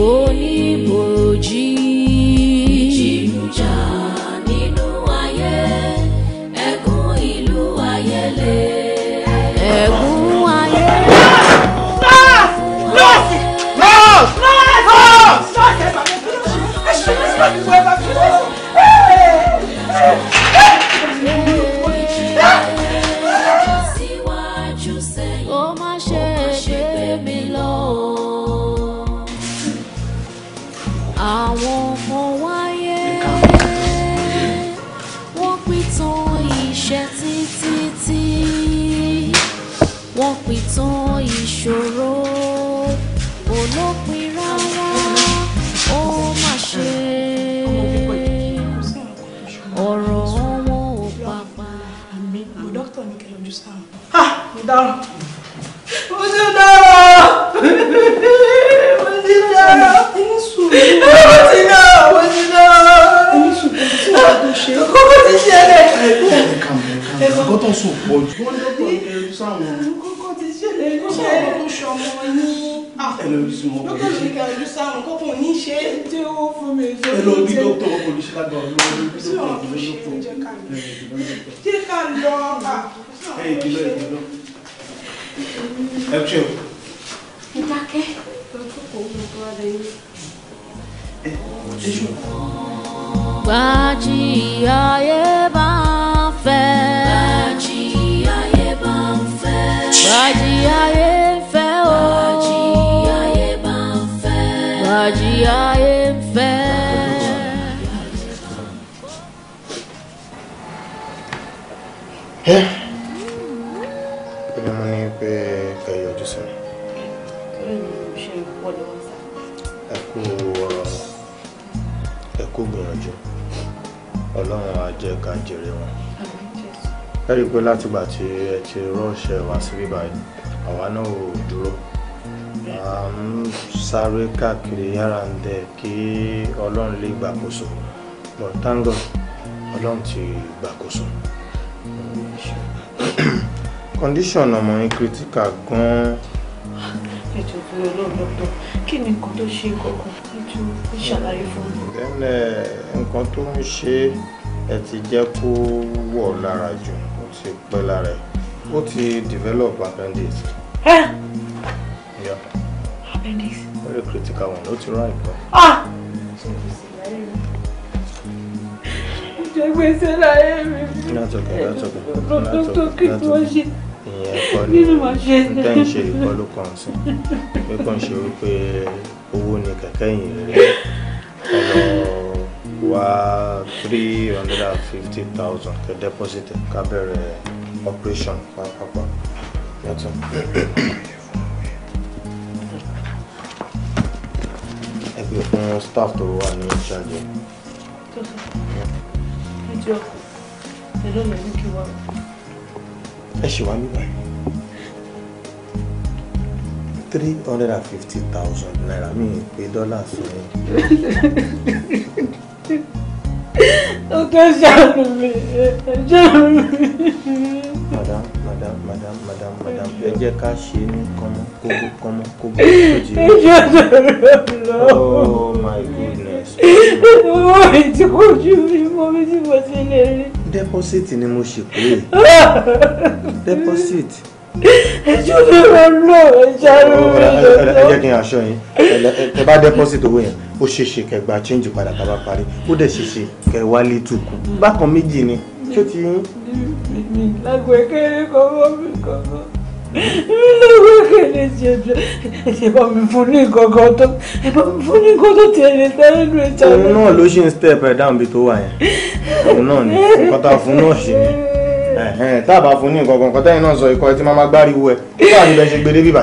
Boni Bodinho. látìgbà tí ẹ ti rọ́ọ̀ṣẹ̀ wá síbí báyìí àwa náà ò dúró à ń sáré káàkiri yára ń dẹ kí ọlọ́run lè gbàkóso but thank God ọlọ́run ti gbàkóso. condition ọmọ yín critical gan-an. ẹ jọ̀ọ́ bí olóòrùn lọ́dọ̀ kí ni nǹkan tó ṣe kankan ju ìṣàlàyé fún mi. Eh, nǹkan tó ń ṣe ẹ ti jẹ́ kó wọ̀ lára jù ti pẹ́ lára ẹ̀ ó ti develop appendix. ẹ. Yeah. appendix. very critical one ó ti rán ìtọ́. ah. ìjọ gbèsè láyé mi. that's okay that's okay. dókítà kí ni wọ́n ṣe. ìyẹn kọ́ ni nǹkan ìṣe ìkọ́ ló kàn sí pé kàn ṣe wípé owó ni kẹ̀kẹ́ yìí rẹ̀ ọ̀rọ̀ wá three hundred fifty thousand kẹ deposit ká bẹ̀rẹ̀ operation pápápá yàtọ̀. ẹ gbé fún staff tó wà ní ìṣàjẹ. ẹ ṣì wá nígbà yìí three hundred fifty thousand naira mi pe dọ́là sọ ọkọ ṣàánú mi ṣàánú mi. madam madam madam madam madam ẹ jẹ́ ká ṣe ní kọ́mọ́ kóbó kọ́mọ́ kóbó lójú. ẹ jẹ́ sọ̀rọ̀ lọ. oh my goodness. owó mi ti kó ju ìmọ̀ mi tí mo ti lè rí. deposit ni mo ṣe pé deposit ẹjọ́ ló rẹ̀ lọ ẹjọ́ ló rẹ̀ lọ. ẹ jẹ́ kí n aṣọ deposit owó yẹn ó ṣeéṣe kẹgbà change padà tá parí ó dẹ̀ ṣeéṣe kẹwàá lè tukù bákan méjì ni ṣó ti yín. lágbo ekele kan mi kan lágbo ekele ṣe jẹ ẹ mi fún ní nǹkan tó ẹ mi fún ní nǹkan tó tiẹ̀ lè tẹ́ lẹ́nu ẹja. òun náà ló ṣe ń step ẹ̀ dáhùn bí tó wà yẹn òun náà ni nǹkan tá a fún náà ṣe ni tá a bá fún ní nǹkan kan kọ́tẹ́yìn náà sọ ikọ̀ ẹ tí máa máa gbáriwo ẹ tó wà níbẹ̀ ṣe gbé débìbà.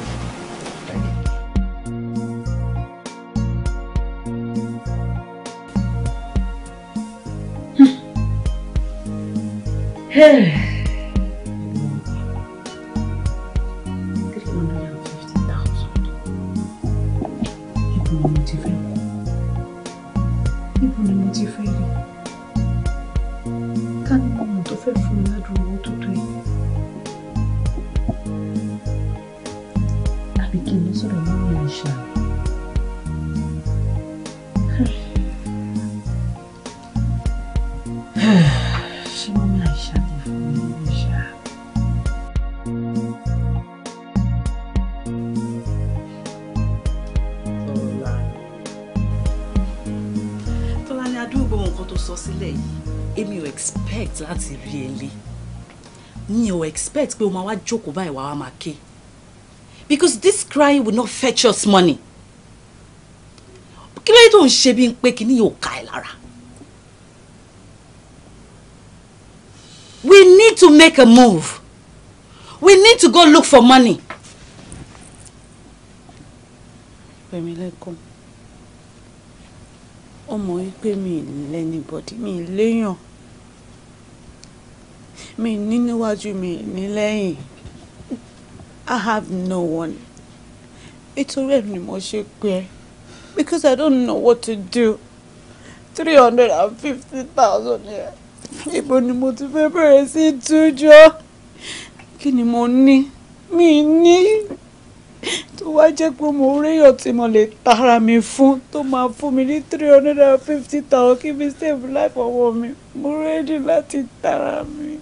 Ibo ni mo ti fẹ́ rí? Ká ní mo mọ̀ tó fẹ́ fún mi ládùúgbò tó tó láti rí ẹ mi ò expect pé o máa wá jókòó báyìí wàá máa ké because this crying will not fetch us money kí lóye tó ń ṣe bí n pé kí ni yóò ka ẹ lára we need to make a move we need to go look for money. pẹ̀mí lẹ́kọ̀ọ́ ọmọ yìí pé mi ì lẹ́nìbọ̀dì mi ì léèyàn mi ní níwájú mi ní lẹ́yìn I have no one nítorí ẹ̀ ni mo ṣe pé because I don't know what to do three hundred and fifty thousand naira ibo ni mo ti fẹ́ bẹ̀rẹ̀ sí túnjọ́ kí ni mo ní mi ní tó wá jẹ́ pé mo réyàn tí mo lè tara mi fún tó máa fún mi ní three hundred and fifty thousand kí mi save life ọwọ́ mi mo rẹ́dí láti tara mi.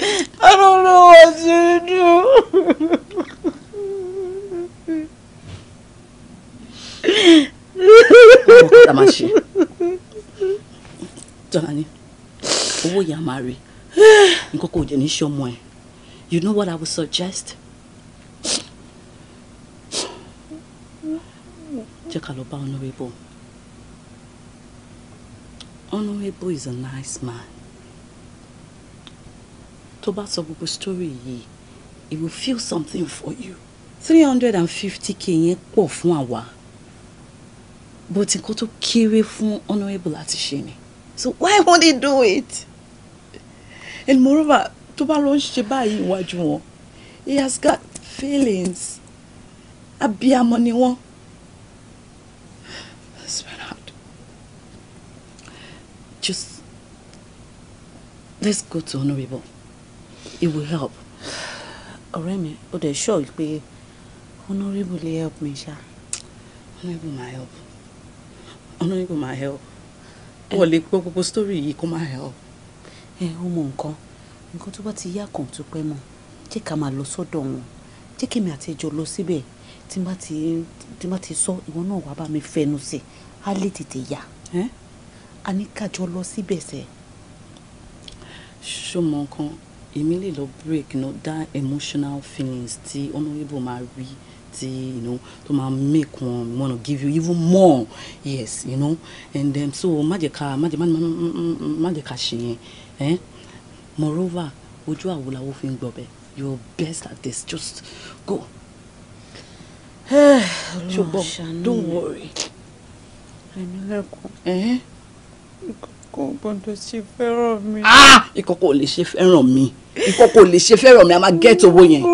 I don't know what to do. Ọ̀dà máa ṣe. Tọ́lá ni, owó ìyá You know what I would suggest? Jẹ́ ká lọ bá Honourable. Honourable is a nice man tó bá sọ gbogbo story yìí it will feel something for you three hundred and fifty k yẹn pọ̀ fún àwa bó ti kó tó kéré fún honourable láti ṣe ni so why won't he do it and moreover tó bá lọ ń ṣe báyìí iwájú wọn he has got feelings abiyamọ ni wọn sweetheart just let's go to honorable it will help. ọ̀rẹ́ mi ó dẹ̀ sọ pé honourable lè help me ṣá honourable ma help honourable ma help wọ́n lè pé gbogbo story yìí kó má help. ẹ ó mọ nǹkan nǹkan tó bá ti yá kan tó pẹ́ mọ́ jẹ́ ká máa lọ sọ́dọ̀ wọn jẹ́ kí èmi àti ẹjọ́ lọ síbẹ̀ tí n bá ti tí n bá ti sọ ìwọ náà wàá bá mi fẹnu sí á lè tètè yá a ní kájọ lọ síbẹ̀ sẹ́. ṣùgbọ́n kan èmi lè lọ break you know, that emotional feelings tí honourable máa rí tí you know, tó máa make wọn wanna give you even more yes you know and then so má jẹ́ ká má jẹ́ má jẹ́ ká ṣe yẹn eh? moreover ojú àwo làwo fi ń gbọ̀bẹ̀ you're best at this just go eh, ṣùgbọ́n don't worry. ẹ̀mí lẹ́kọ̀ọ́. Eh? kò gbọ́dọ̀ ṣe fẹ́ràn mi. Ah! ìkọkọ ò lè ṣe fẹ́ràn mi ìkọkọ ò lè ṣe fẹ́ràn mi a get owó yẹn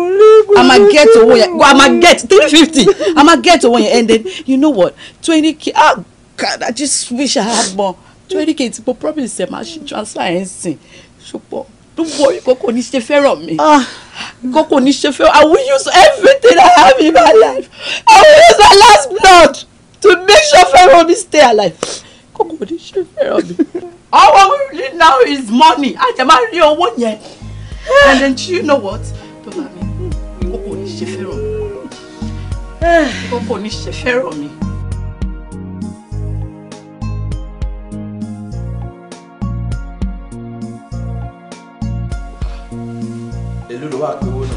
a máa get owó yẹn a máa get three fifty a máa get owó yẹn and then you know what twenty k ah God I just wish I had more twenty k ti po promise ṣe máa ṣe transfer ẹ̀ ń sìn ṣùpọ̀ dúpọ̀ ìkọkọ ò ní ṣe fẹ́ràn mi ah! ìkọkọ ò ní ṣe fẹ́ràn I will use everything I have in my life I will use my last blood to make sure fẹ́ràn mi stay alive kókò ní ṣe fẹ́ràn mi. All we need now is money àjẹ́ máa rí owó yẹn and then you know what bàbá mi kókò ní ṣe fẹ́ràn mi kókò ní ṣe fẹ́ràn mi. èló ló wà pé owó náà.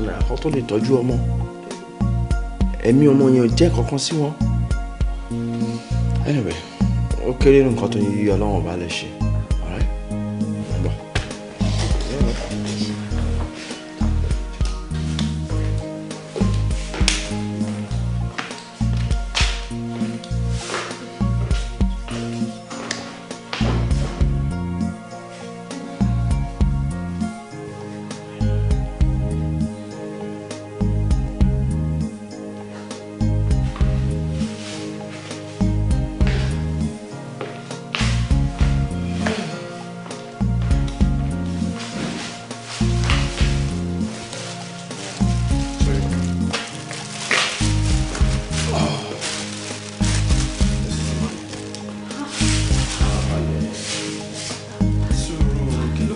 thousand naira kan tó lè tọ́jú ọmọ ẹ̀mí ọmọ yẹn ò jẹ́ kankan sí wọn anyway ó kéré nǹkan tó yí ọlọ́run ọba lè ṣe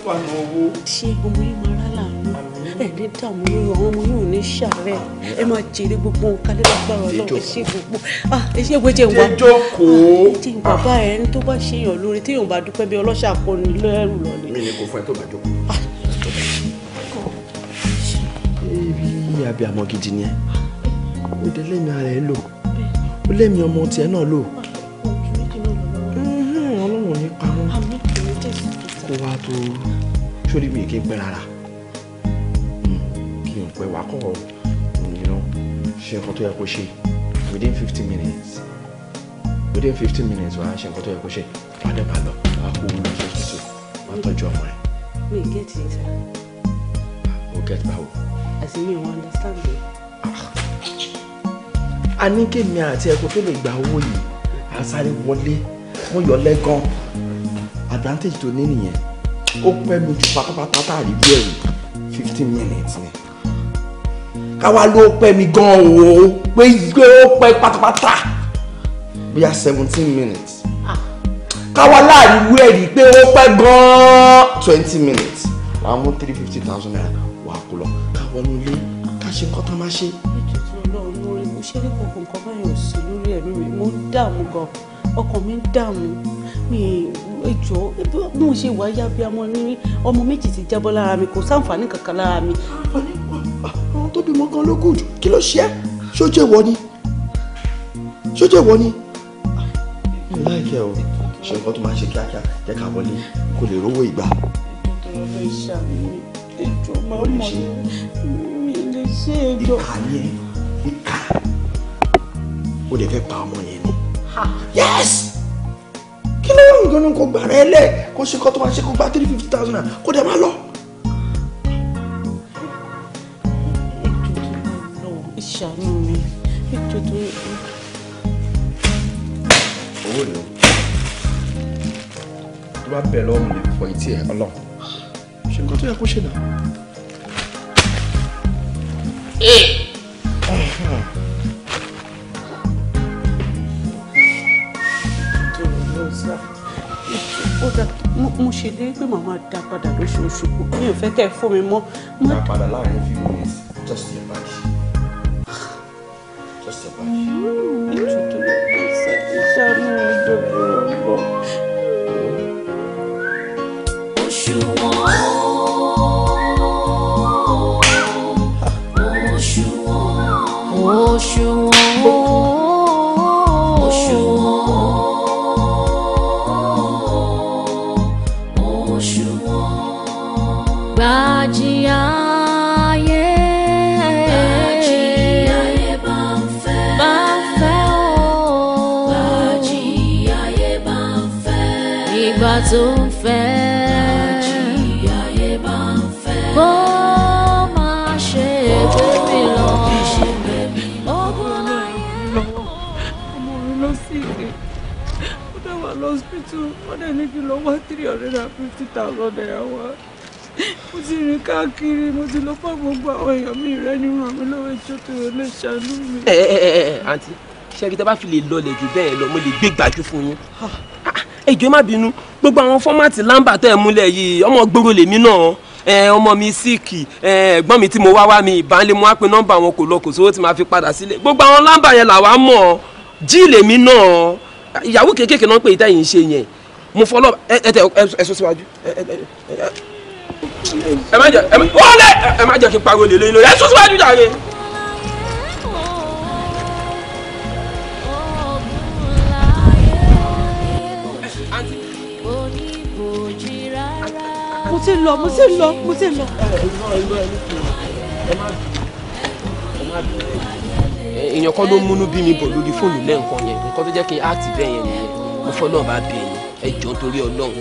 fànà owó. ṣé gbogbo yín máa rálà ń ẹni dààmú lórí àwọn ọmọ yóò ní ṣàárẹ̀ ẹ máa jèrè gbogbo nǹkan lẹ́gbàgbára ọlọ́run ṣé gbogbo ẹ ṣé ìwé jẹun wa ti ń bàbá ẹ ní tó bá ṣèyàn lórí tí yóò bá dúpẹ́ bí ọlọ́ṣà pọ̀ ní lẹ́rù lọ ni. mi ni kò fún tó bá jókòó. ebi àbí àmọ́ gidi ni ẹ ó dé lẹ́mìí ara ẹ lò ó lẹ́mìí ọmọ tiẹ̀ náà lò ọlọ́run ní pa wọn kó wa tó. Surely mi kì í pẹ́ rárá kí hmm, n pẹ́ wá kọ́ òyìnbó ṣe nǹkan tó yẹ kó ṣe within fifteen minutes within fifteen minutes wàá ṣe nǹkan tó yẹ kó ṣe wàá dẹ̀ bá lọ wàá kó owó lọ sí hospital wàá ọmọ rẹ̀. mi get it. o get báwo. àti mi ò understand me. a ní kémi àti ẹ̀kọ́ tó lè gba owó yìí a sáré wọlé wọ́n yọ lẹ́gàn advantage tó ní nìyẹn ó pẹ́ lójú pátápátá tàbí bí ẹ̀rù fifteen minutes ni káwa ló pẹ́ mi gan o pé pé ó pẹ́ pátápátá bóyá seventeen minutes káwa láàrin ìwé ẹ̀rí pé ó pẹ́ gan twenty minutes wàá mú three fifty thousand naira wàá kó lọ káwọn nílé ká ṣe nǹkan tó máa ṣe. ìtùtù ọlọ́run lórí mo ṣe ní gbogbo nǹkan báyọ̀ sí lórí ẹ̀mí mi mo ń dààmú gan ọkàn mi ń dààmú mi ẹjọ́ bí mo ṣe wà á yá bí ní ọmọ méjì ti jábọ́ lára mi kò sáǹfààní kankan lára mi. àwọn tó bímọ gan ló kù jù kí ló ṣe ṣójú ìwọ ni ṣójú ìwọ ni. láìkẹ́ o ṣe nǹkan tó máa ń ṣe kíákíá jẹ́ ká wọlé kó lè rówó ìgbà. ìkà ni ẹ ìkà o lè fẹ́ pa ọmọ yẹn ni. yes kí ló ń gan-an kó gbà rẹ lẹ̀ kó ṣe kó tó máa ṣe kó gba three fifty thousand naira kó dẹ̀ máa lọ. ìṣàánú mi nítorí owó ni o tó bá bẹ̀ lọ́wọ́ lè fọ etí ẹ̀ ọlọ́run ṣe nǹkan tó yẹ kó ṣe náà. Eh. mo ṣe dé pé màmá dá padà lóṣooṣù mi ò fẹ́ kẹ́ ẹ fún mi mọ́. dá padà láàrin few minutes just your bag just your bag. Hmm. wá three hundred and fifty thousand naira wá mo ti rìn káàkiri mo ti lọ fún gbogbo àwọn èèyàn mi rẹ ní ràn mí lọ́wọ́ ìjọ tó yọ lè ṣàánú mi. ẹ ẹ ẹ ẹ àǹtí ṣẹ́gi tẹ́ bá fi lè lọlẹ̀ jù bẹ́ẹ̀ lọ mo lè gbé gbàjú fún yín. ẹ jọ̀ọ́ má bínú gbogbo àwọn fọ́mátì lámbà tẹ́ ẹ múlẹ̀ yìí ọmọ gbòòrò lèmi náà ọmọ mi síìkì ẹ̀gbọ́n mi tí mo wá wá mi ìbá lè mú wá pé nọ́mbà wọn kò lọ kò sówó tí màá fi padà sílẹ̀ gbogbo àwọn lámbà yẹn làwa mọ̀ jí lèmi náà ìyàwó kéékèèké náà pé ìtẹ́yìn ṣe yẹn mo fọlọ́ ẹ tẹ ẹ sọ síwájú ẹ má jẹ wọ́n lẹ ẹ má jẹ kí n pariwo lè lóyún lórí ẹ sọ síwájú jàre. mo ti lọ mo ti lọ mo ti lọ. èèyàn kan ló múnú bí mi bọ̀ lórí fóònù lẹ́ǹkan yẹn nǹkan tó jẹ́ kí n áàtì bẹ́ẹ̀ yẹn nìyẹn mo fọlọ́ bá bẹ̀yẹn ẹ jọ nítorí Ọlọ́run.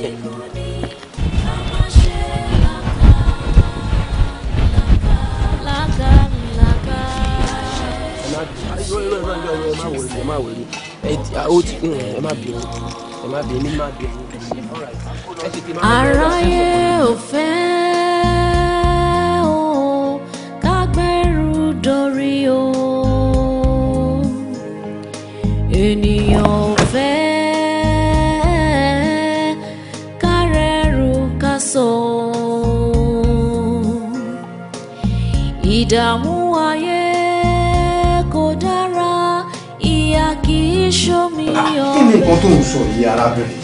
ẹ má wẹ̀lú ẹ má bínú ẹ o kágbẹ́rù dorí o ènìyàn. ìdààmú ayé kò dára ìyà kì í ṣomi ọ̀rẹ́. Ah, kí ni nǹkan tó ń sọ yìí arábìnrin.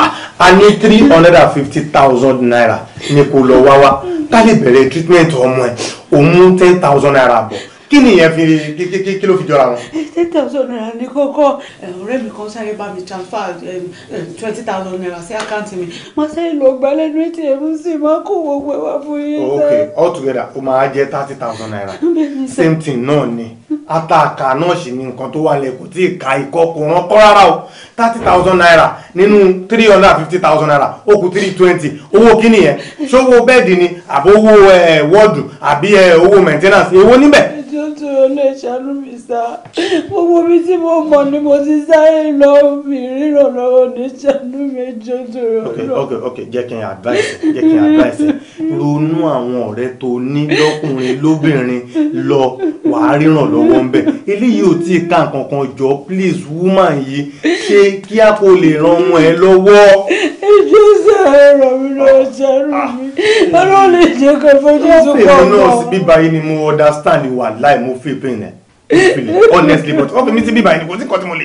Ah, a ní three hundred and fifty thousand naira ni kó lọ wá wá ká lè bẹ̀rẹ̀ treatment ọmọ ẹ̀ òun mú ten thousand naira bọ̀ kí ni ìyẹn fi kí ló fi jọra wọn. Eh, ten thousand naira ní kókó eh, ọ̀rẹ́ mi kan sáré bá mi transfer eh, twenty thousand naira sí àkáǹtì mi mo sáré lọ gba lẹ́nu ètò ẹ̀rú sí i máa kó gbogbo ẹ̀ wá fún yín. ok all together ó máa jẹ thirty thousand naira same thing náà ni ataka náà sì ni nǹkan tó wà lẹ́kọ̀ọ́ tí ìka ikọ́ kò rán kọ́ rárá o thirty thousand naira nínú three hundred and fifty thousand naira ó kù three twenty owó ni yẹn ṣówó bẹ́ẹ̀dì ni àbówó wọ́ọ̀dù àbí owó maintenance èwo níbẹ̀ jọ̀ọ́ nítorí Ọlọ́run ẹ sá gbogbo mi tí mo mọ̀ ni mo ti sáré lọ mi ríran lọ́wọ́ oníṣẹ́nu méjì tó ok ok ok jẹ́ kí n advice jẹ́ kí n advice ronú àwọn ọ̀rẹ́ tó ní lọ́kùnrin lóbìnrin lọ wàá ríran lọ́wọ́ ń bẹ̀ eléyìí ò tí ì ká nǹkan jọ please woman yìí ṣé kí a kò lè ran ọmọ ẹ lọ́wọ́. ìjọ sẹ́ẹ̀ rọ̀ mí lọ́wọ́ ṣẹ́rù mi ọlọ́run lè jẹ́ kó fojú sùn pọ̀ pọ̀. ó pè mí náà sí bíbá yìí ni mo understand wà láì mo fi pin ẹ̀ honestly but ọkùnrin mi ti bí ìbàyìí ni kò sí kọ́tí mo lè.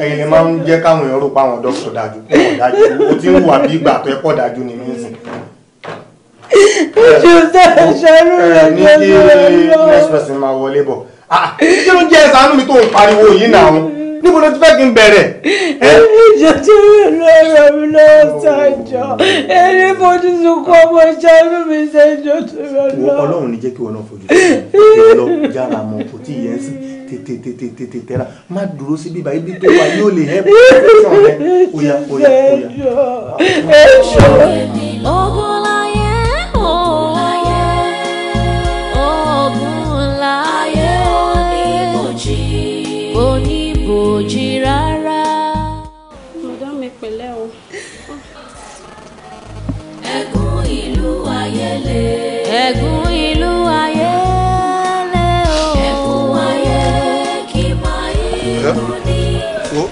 ẹ̀yin lè máa ń jẹ́ káwọn èèyàn rò pa àwọn dókítà dájú pọ̀ dájú o ti ń wà bí ìgbà tó ẹ pọ̀ dájú ni mí sìn. ṣùgbọ́n ṣàánú rẹ̀ ní kí next person máa wọlé bọ̀. kí ló ń jẹ́ ẹ̀sánú mi tó ń pariwo yìí náà níbo ló ti fẹ́ kí n bẹ̀rẹ̀. ìjọ tí mi lọ rẹ̀ mi lọ́wọ́ ṣàjọ eré fojú sunkún ọmọ ìṣẹ́nu mi ṣẹ́jọ tó rẹ̀ lọ. ọlọ́run ní jẹ́ kí wọn náà fojú sunkún lọ yára mọ kò tí ì yẹn sìn tètè tètè tètè tẹ́ra má dúró sí bíbá ibi tó wà yóò lè hẹ́ bọ́ọ̀ fún ọ̀rẹ́ oya oya oya. ọgbọ́n kò jí rárá. mọ̀dá mi pẹ̀lẹ́ o. ẹ̀gún ìlú ayẹlẹ. ẹ̀gún ìlú ayẹlẹ o. ẹ̀kún ayé kì máa yí lóní. mo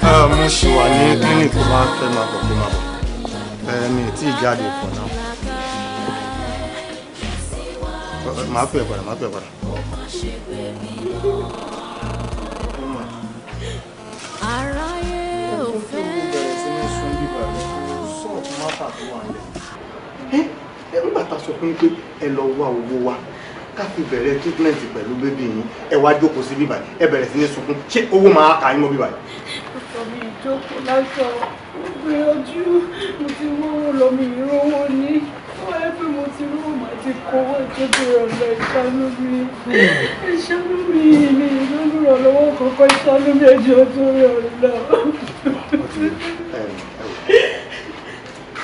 ṣì wà ní clinic tó máa ń fẹ́ máa bọ̀ kó máa bọ̀ ẹ̀mí tí ì jáde pọ̀ náà máa pè é padà máa pè é padà aráyé ò fẹ́. ẹ nígbà tá a sọ fún yín pé ẹ lọ wá owó wa ká fi bẹ̀rẹ̀ treatment pẹ̀lú bébí yín ẹ wá jókòó sí bíbá ẹ bẹ̀rẹ̀ sí ní sunkún ṣé owó máa kà yín mọ́ bíbá. ọkọ mi ìjókòó lásán gbé ojú mo ti wọ́wọ́ lọ mi ìrówó ní ti kówó ìtọ́jú rẹ̀ lọ ìṣàánú mi ìṣàánú mi mi ìrànlọ́wọ́ kọ̀ọ̀kan ìṣàánú mi ẹ̀jẹ̀ ọdún rẹ̀ lọ.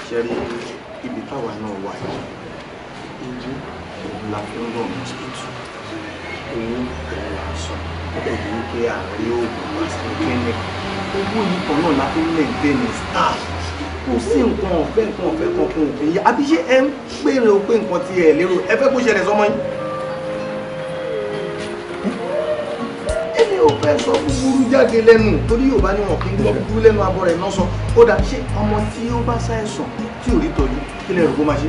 ṣe rí ibi táwa náà wà yìí ijú la fi ń rọ̀ mọ́sítítù owó òun là ń sọ ẹ̀jẹ̀ ní pé àárín oògùn kíni owó yìí kan náà la fi ń mẹ̀gbẹ́ ní kò sí nǹkan ọ̀fẹ́ nǹkan ọ̀fẹ́ kankan òfin yá àbí ṣé ẹ ń pèrè o pé nǹkan ti ẹ̀ lérò ẹ fẹ́ kó ṣẹlẹ̀ sọmọ yín. èmi ò fẹ́ sọ búburú jáde lẹ́nu torí Yorùbá ni wọn kì í gbọ́ búburú lẹ́nu abọ́ rẹ̀ náà sọ ó dà ṣé ọmọ tí ó bá ṣàìsàn tí ò rí tọ́jú kí lè rògbò máa ṣe.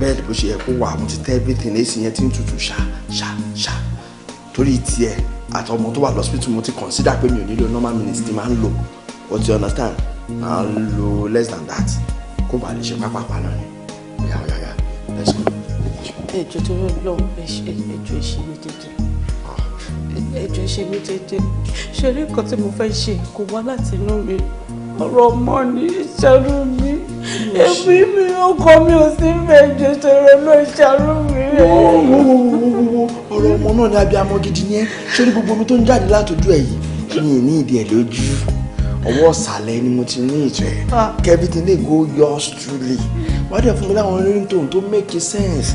bẹ́ẹ̀dì bó ṣe yẹ kó wà mo ti tẹ́ everything èsì yẹn ti ń tutù ṣá ṣá ṣá torí tiẹ̀ àtọmọ tó wà lọ́sibítù mo ti consider pé mi ò nílò normal minutes ti máa ń lò o ti understand máa ń lo less than that kó bàa lè ṣe pápápá náà ni yà yà yà let's go. ẹjọ tó rọ lọ ẹjọ ìṣe mi dédé ẹjọ ìṣe mi dédé ṣe eré kan tí mo fẹ́ ṣe kò wá láti inú mi ọ̀rọ̀ ọmọ ní ìṣẹ́rú mi èmi mi ọkọ mi ò sí méje ṣòro ló ìṣẹ́rú mi. ọ̀rọ̀ ọmọ náà ni abiyamọ gidi ni ẹ sórí gbogbo omi tó ń jáde látọjú ẹ yìí kí ni ìní ìdí ẹ lójú ọwọ́ ọ̀sàlẹ̀ ni mo ti ní ìtọ́ ẹ̀ ah. kẹ́bìtì lè go yours truly wá dẹ̀ fún mi láwọn orin tòun tó make sense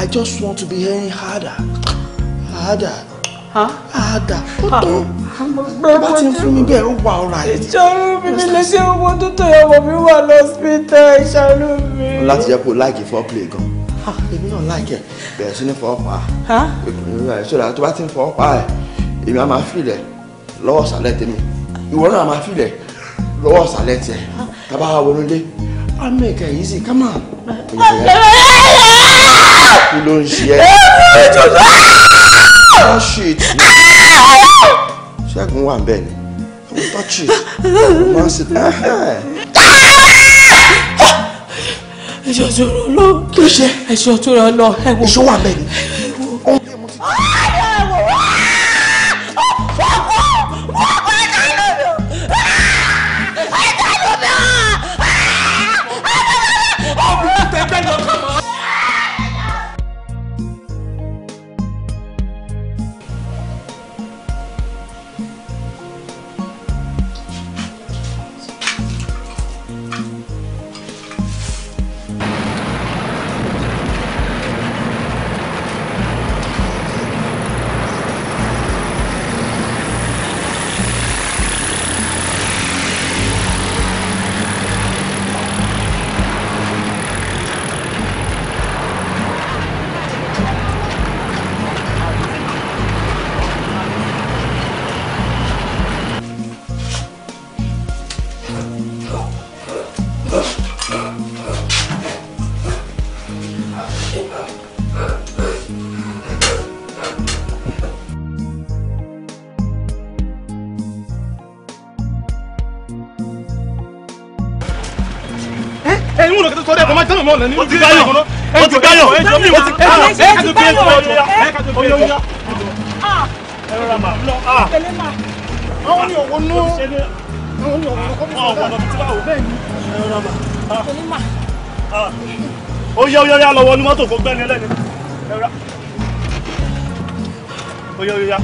I just want to be hearing harder harder àdà ó tó bá ti ń fún mi bẹ́ẹ̀ ó wà ọ̀rọ̀ àyè. ìṣòro mi ni lè ṣe owó tó tó ìyàwó mi wà lọ́sítẹ̀ ìṣòro mi. láti jẹ́ kó láìkì fọ́ play gan. èmi náà láìkì bẹ̀rẹ̀ sí ní fọwọ́ pa á. ìṣòro tó bá ti ń fọwọ́ pa á èmi á máa fìlẹ̀ lọ́wọ́ sàlẹ̀ tèmi ìwọ náà máa fìlẹ̀ lọ́wọ́ sàlẹ̀ tiẹ̀ tábà wọnú lé I'll make it easy. Come on. Kí ló ń don't touch it. Ah! Ṣẹ́gun wà bẹ́ẹ̀ ni. Don't touch it. Mo máa ń ṣe. Ẹ̀ṣọ́ tó rọ lọ. Kí ló ṣe? Ẹ̀ṣọ́ tó rọ lọ. Ẹ̀ṣọ́ wà bẹ́ẹ̀ ni. lọ́lẹ̀ nínú bí lọ wọnú mọ́tò kó gbẹ́ni ẹlẹ́ni ó yá ó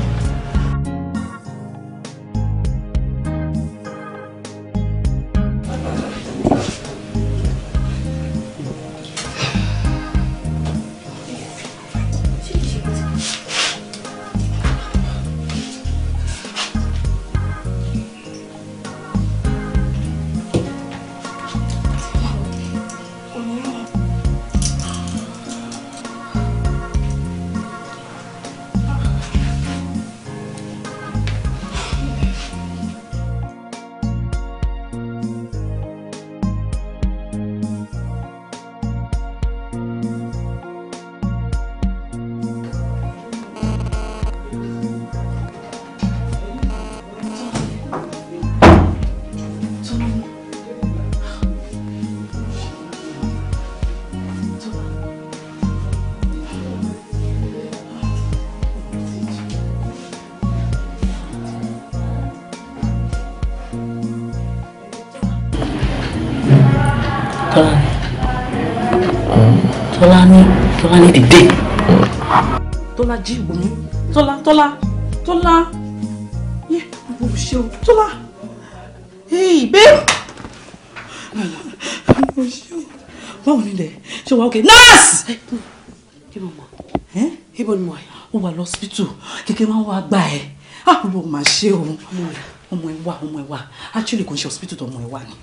carry the day. tọ́lá jí ìgbóná tọ́lá tọ́lá tọ́lá yé mo ṣe o tọ́lá hey babe mo ṣe o báwo ni dẹ ṣe Okay, ókè nurse. ibo mọ ibo ni mo wà. ó wà lọ́sibítù kékeré máa ń wá gbà ẹ́ ah mo máa ṣe o ọmọ ẹ wà ọmọ ẹ wà actually kò ń ṣe hospital tó ọmọ ẹ wà ni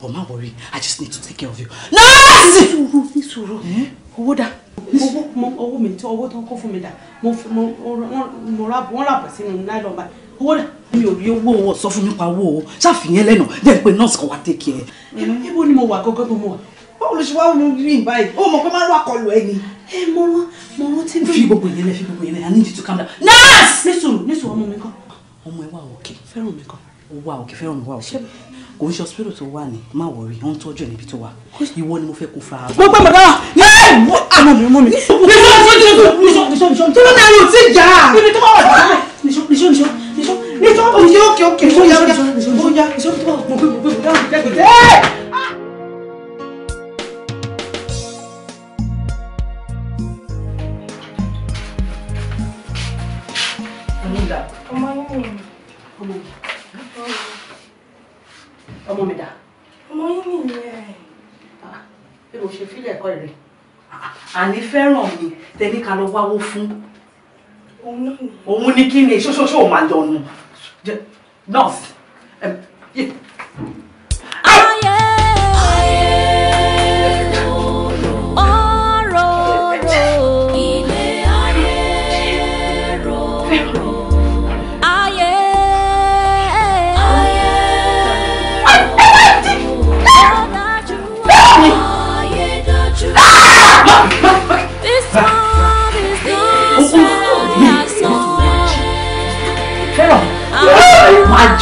but má worry i just need to take care of you. nọ́ọ̀sì. sùúrù ní sùúrù hm? owó dà owó mo owó mi tí owó tó ń kó fún mi dà mo mo mo ra wọn rà bọ̀ sínú nylon báyìí owó dà. mi ò rí owó owó sọ fún mi pa owó o ṣàfihàn lẹ́nu jẹ́ pé nọ́ọ̀sì kan wá take care. ibo ni mo wà gọ́gọ́ tó mo wà báwo ló ṣe wá wọn rí báyìí ó mọ̀ pé máa ń lọ àkọlù ẹ ni. ẹ mo rán mo rántí. fi gbogbo ìyẹn lẹ fi gbogbo ìyẹn lẹ i need you to calm down. nurse. nísòrò nísòrò ọmọ mi kan. ọmọ ẹ wà òkè fẹ́ràn mi kan. ó wà òkè fẹ́ràn mi wà òkè kò ń ṣe tó wà ní má wọrí ó ń tọ́jú ẹ̀ níbi tó wà ìwọ ni mo fẹ́ kó fara. gbogbo mọ̀dá ní àmọ́ mi mú mi. níṣó níṣó níṣó níṣó tó lọ́nà ẹ̀rọ ti jà. níbi tó wà wà Oh, my name ọmọ mi ọmọ mi dà. ọmọ yín mi ni ẹ. Ah, bí mo ṣe fílẹ̀ ẹ̀kọ́ rẹ̀ àní fẹ́ràn mi tẹ́ni ká lọ wáwó fún. òun náà ni. òun ni kí ni ṣóṣóṣó máa lọ nù nọ́ọ̀sì.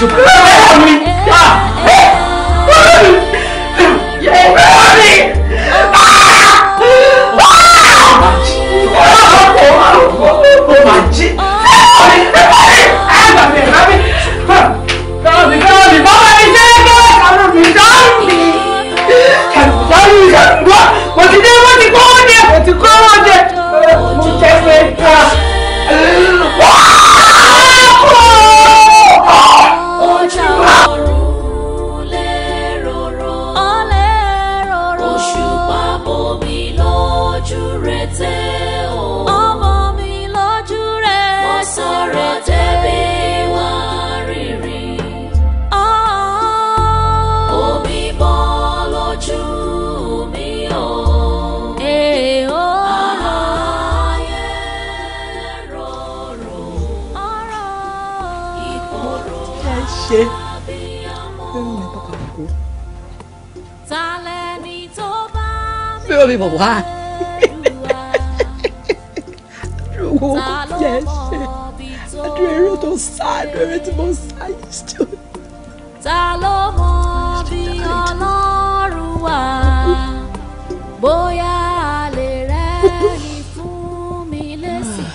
ṣe kúrò lọ́wọ́ mi. wá. mo sá yìí jù. Ta ló mọ bí Ọlọ́run wà? Bóyá a lè rẹ́rìn fún mi lésì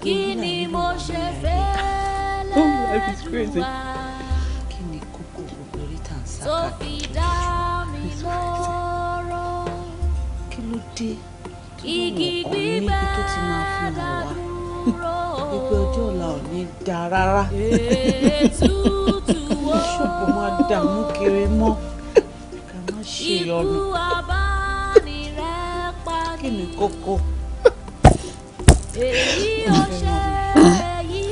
kí ni mo ṣe fẹ́ oh, lẹ́dùnmá kí ni kókó gbogbo tó fi dá mi lóró kí igi gbígbẹ́ dádúró ìpè ọjọ́ ọ̀la ò ní da rárá ṣùgbọ́n máa dààmú kiri mọ́ ká má ṣe ọ̀nà kí ni kókó. èyí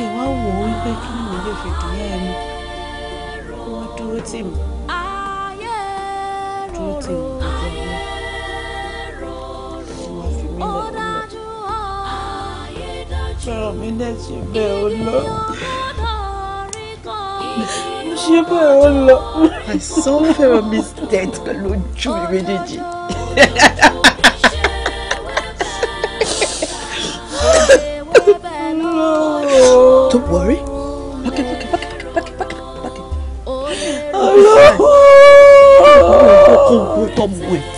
tiẹ̀ wá wò ó wípé kí ni mo lè fi dùn ẹ́ ẹnu kó wá dúró tì mí dúró tì mí sọ̀rọ̀ mi náà ṣe bẹ́ẹ̀ ó lọ. mo ṣe bẹ́ẹ̀ ó lọ. àìsàn fẹ́ràn mi tẹ̀ lójú mi méjèèjì. come well.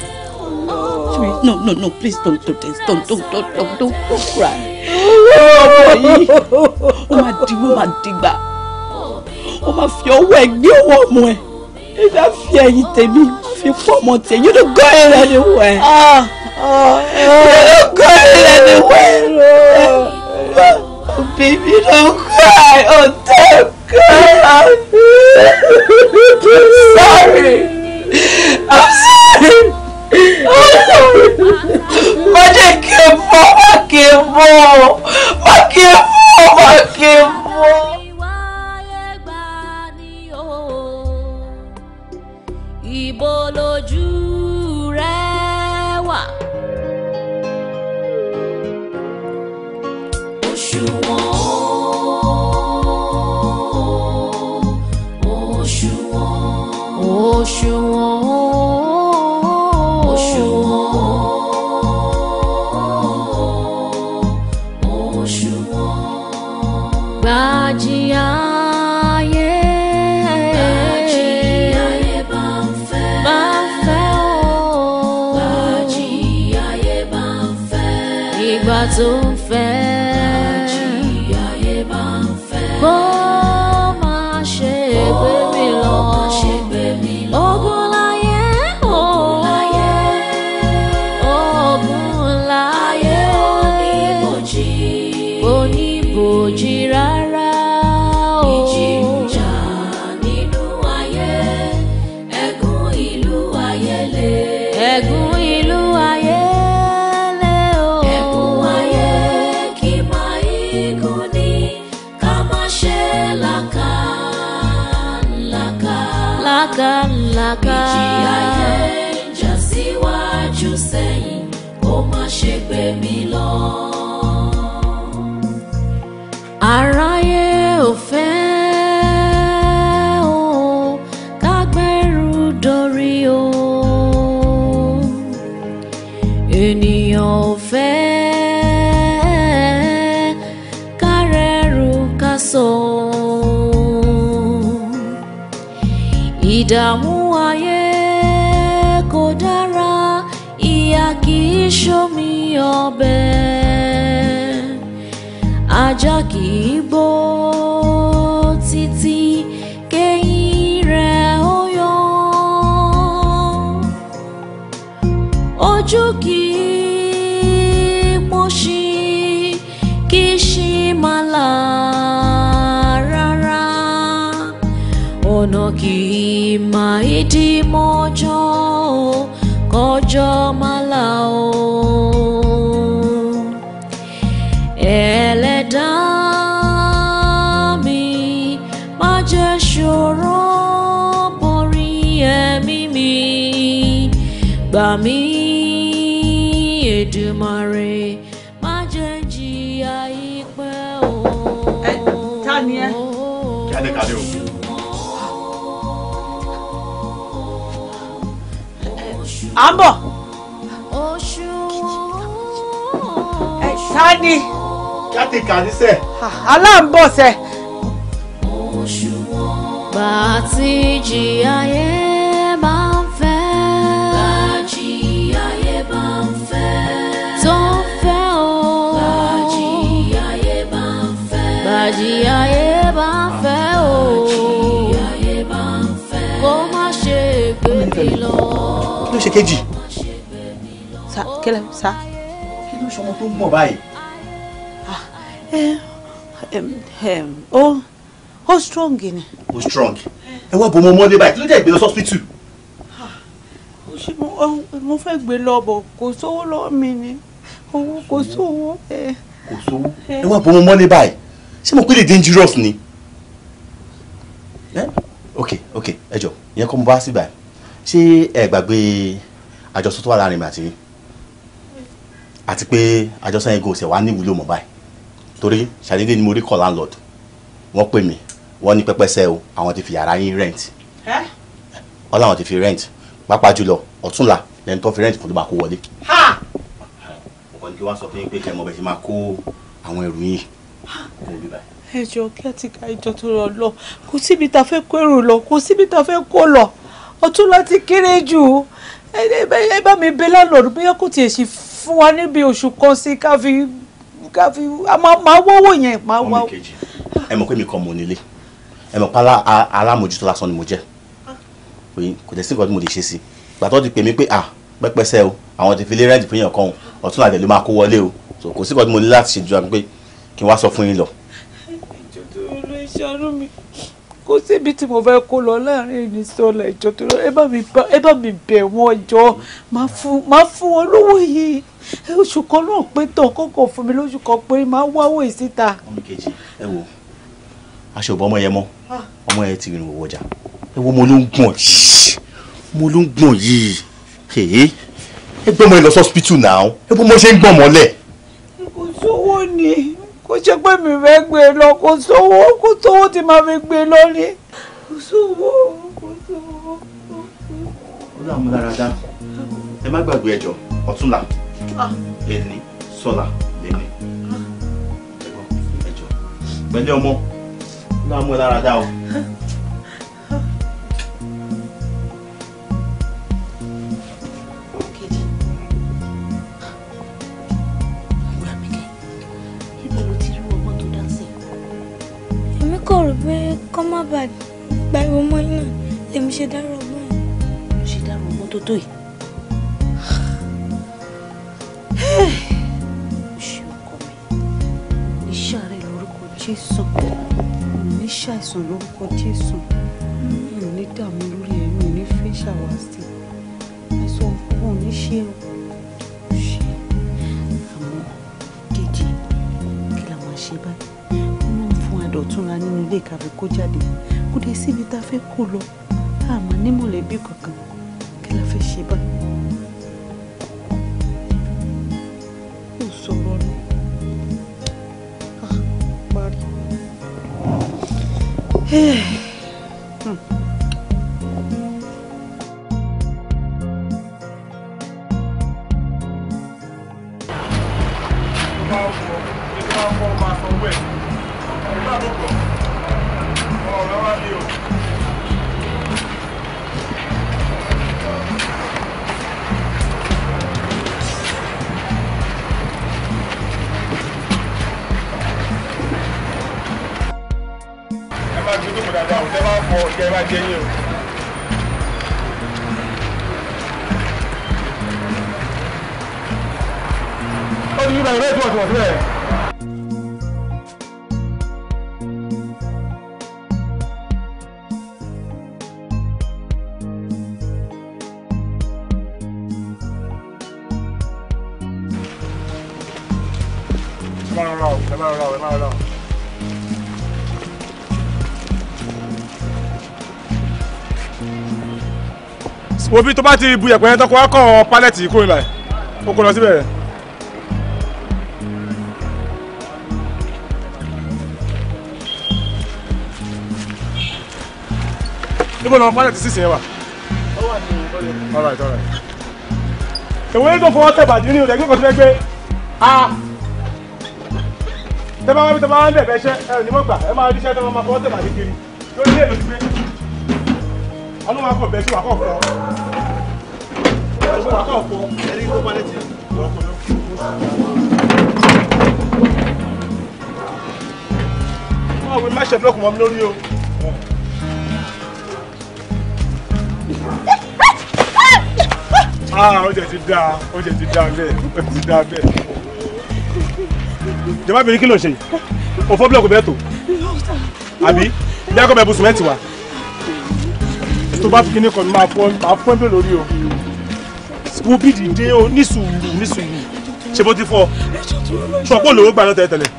Oh, no. no, no, no, please don't do this. Don't, don't, don't, don't, don't, don't cry. Oh my ó máa di ó máa dìgbà. Ó máa fi ọwọ́ ẹ̀ gbé ọwọ́ ọmọ ẹ̀. Ẹ bá fi ẹ̀yìn tèmi, fi pọ̀ ọmọ tẹ̀. You don't go anywhere. Ah, ah, you don't go anywhere. Oh, baby, don't cry. Oh, don't cry. I'm sorry. I'm sorry. I'm sorry. Má jẹ́ kí n fọ́, má kí n fọ́, má kí n fọ́, ìdààmú ayé kò dára ìyà ajak. Ìmọ̀ ìdí mọ́jọ́ kọjọ́ mọ́. à ń bọ̀. ẹ sáni. káàtì kàníṣẹ́. aláǹbọ̀sẹ̀. bá a ti jìyà yẹn. kejì. sa kílẹ̀ sa. kí ló ṣọmọ tó ń bọ̀ báyìí. Ah, eh, ó ó strong ni. ó strong ẹ wá bọ́mọ ọmọdé báyìí kí ló dé ìgbé lọ sọ́spítù. Ah, mo fẹ́ gbé lọ bọ̀ kò sówó lọ́wọ́ mi ni owó kò sówó. kò sówó eh. eh. ẹ wá bọ́mọ ọmọdé báyìí ṣé mo pé lè dangerous ni. ok ok ẹ jọ ìyẹn kọ́ mo bá sí báyìí ṣé ẹ gbàgbé àjọsọ tó wà láàrin mi àti àti pé àjọsọ yẹn gòsè wà ní ìwúlò mọ́ báyìí torí ṣàdédé ni mo rí kọ́ landlord wọ́n pè mí wọ́n ní pẹ́pẹ́sẹ́ o àwọn ti fi yàrá yín rent wọ́n láwọn ti fi rent pàápàá jùlọ ọ̀túnla lẹ́ni tó fi rent fún ló máa kó wọlé. ọkọ ní kí wọ́n sọ fún yín pé kẹ́mọ́ bẹ́ẹ̀ ṣe máa kó àwọn ẹrù yìí kó bí báyìí. ẹjọ kí á ti ka ìjọ tó rọ lọ kò síbi tá a fẹ́ kó èrò lọ kò síbi tá a fẹ́ kó lọ ọtún lọ ti kéré jù ẹ bá mi bẹ lánàá bóyá kò tiẹ̀ sì fún wa níbi oṣù kan sí ká fi ká fi máa wọ́wọ́ yẹn máa wá. ọmọ kejì ẹ mọ̀ pé mi kàn mọ̀ nílé ẹ mọ̀ pé alámòjútó lásán ni mo jẹ́ kò dẹ̀ sí nǹkan tí mo lè ṣe sí gbàtọ́ ti pè mí pé ah pẹ́pẹ́sẹ́ o àwọn ti fi lé rẹ́ǹtì fún yẹn kan ọ̀tún àdẹ̀ ló máa kó wọlé o kò sí nǹkan tí mo ní láti ṣe ju àmì kí n wá sọ fún yín lọ. kò síbi tí mo fẹ́ kó lọ láàrin ìnísọ̀lá ìjọ tó lọ ẹ bá mi bẹ̀ wọ́n jọ máa fún wọn lówó yìí oṣù kan náà pé tán kọ́kọ́ fún mi lóṣù kan pé máa wáwó ìsíta. ọmọ kejì ẹ wo aṣọ ọba ọmọ yẹn mọ ah. ọmọ yẹn ti rìn òwò ọjà ẹ wo mo ló ń gbọ̀n yìí mo ló ń gbọ̀n yìí ẹ gbọ́mọ ẹ lọ sọ́spítù náà ẹ bó mo ṣe ń gbọ̀n mọ́lẹ̀. kò sówó ni kó ṣe pé mi fẹ́ gbé e lọ kó sówó kó sówó tí máa fi gbé e lọ ní. kó sówó kó sówó. ó dààmú dáradá ẹ má gbàgbé ẹjọ́ ọ̀túnla ah. ẹni sọlá lẹni ah. ẹjọ́ pẹ̀lẹ́ ọmọ ó dààmú dáradá o. Ah. kọ́ má bàa gbàgbọ́ mọ́ iná lèmi ṣe dárò ọgbọ́n yìí. mo ṣe dárò ọgbọ́n tó tó yìí. ṣé ọkọ mi iṣẹ́ rẹ lórúkọ Jésù ní ṣàìsàn lórúkọ Jésù mi ò ní dààmú lórí ẹ̀ ní fẹ́ ṣàwásí àìsàn òun ò ní ṣe o. wa nínú ilé ìkàwé kó jáde kó dé síbi tá a fẹ́ kó lọ tá a máa ní mọ̀lẹ́bí kankan kí la fẹ́ ṣe bá. ó òbí tó bá ti bu yẹ̀pẹ̀ yẹn tán kó wá kọ́ pálẹ̀tì kó ìlà ó kó lọ síbẹ̀. níbo ni wọn pálẹ̀tì sísè yẹn wà. ìwé tó fọwọ́ tẹ̀ bàjẹ́ ní ìrẹ̀ gbẹ́kọ̀ọ́ tó fẹ́ gbé a tẹ́ bá wá bí tẹ́ bá wá ń bẹ̀ bẹ́ ṣẹ́ ní mọ̀ gbà ẹ máa ríṣẹ́ tẹ́ bá máa fọwọ́ tẹ̀ bàjẹ́ kiri yóò ní èlò ti ọlọ́wọ́ akọ̀ bẹ́ẹ̀ sí wà kọ̀ fọ́ ọlọ́wọ́ akọ̀ fọ́ ẹni tó balẹ̀ tì lọ́kọ̀ lọ́kọ̀. ọ̀wé má ṣe blọ́ọ̀kù mọ́ mi lórí o. Ah, oúnjẹ ti O oúnjẹ ti dáa bẹ́ẹ̀, oúnjẹ ti dáa bẹ́ẹ̀. Jọba bèrè kí ló ṣe yìí? Òfò búlọ̀kù bẹ́ẹ̀ tó. Àbí? Bí a kọ́ bẹ bu sìmẹ́ǹtì wa tó bá fi kíní kan máa fọ́ máa fọ́ ẹ̀bẹ̀ lórí o wo bí dìde o ní sùúrù ní sùúrù ṣe bó ti fọ́ sọ pé olówó gbà náà tẹ́lẹ̀tẹ́lẹ̀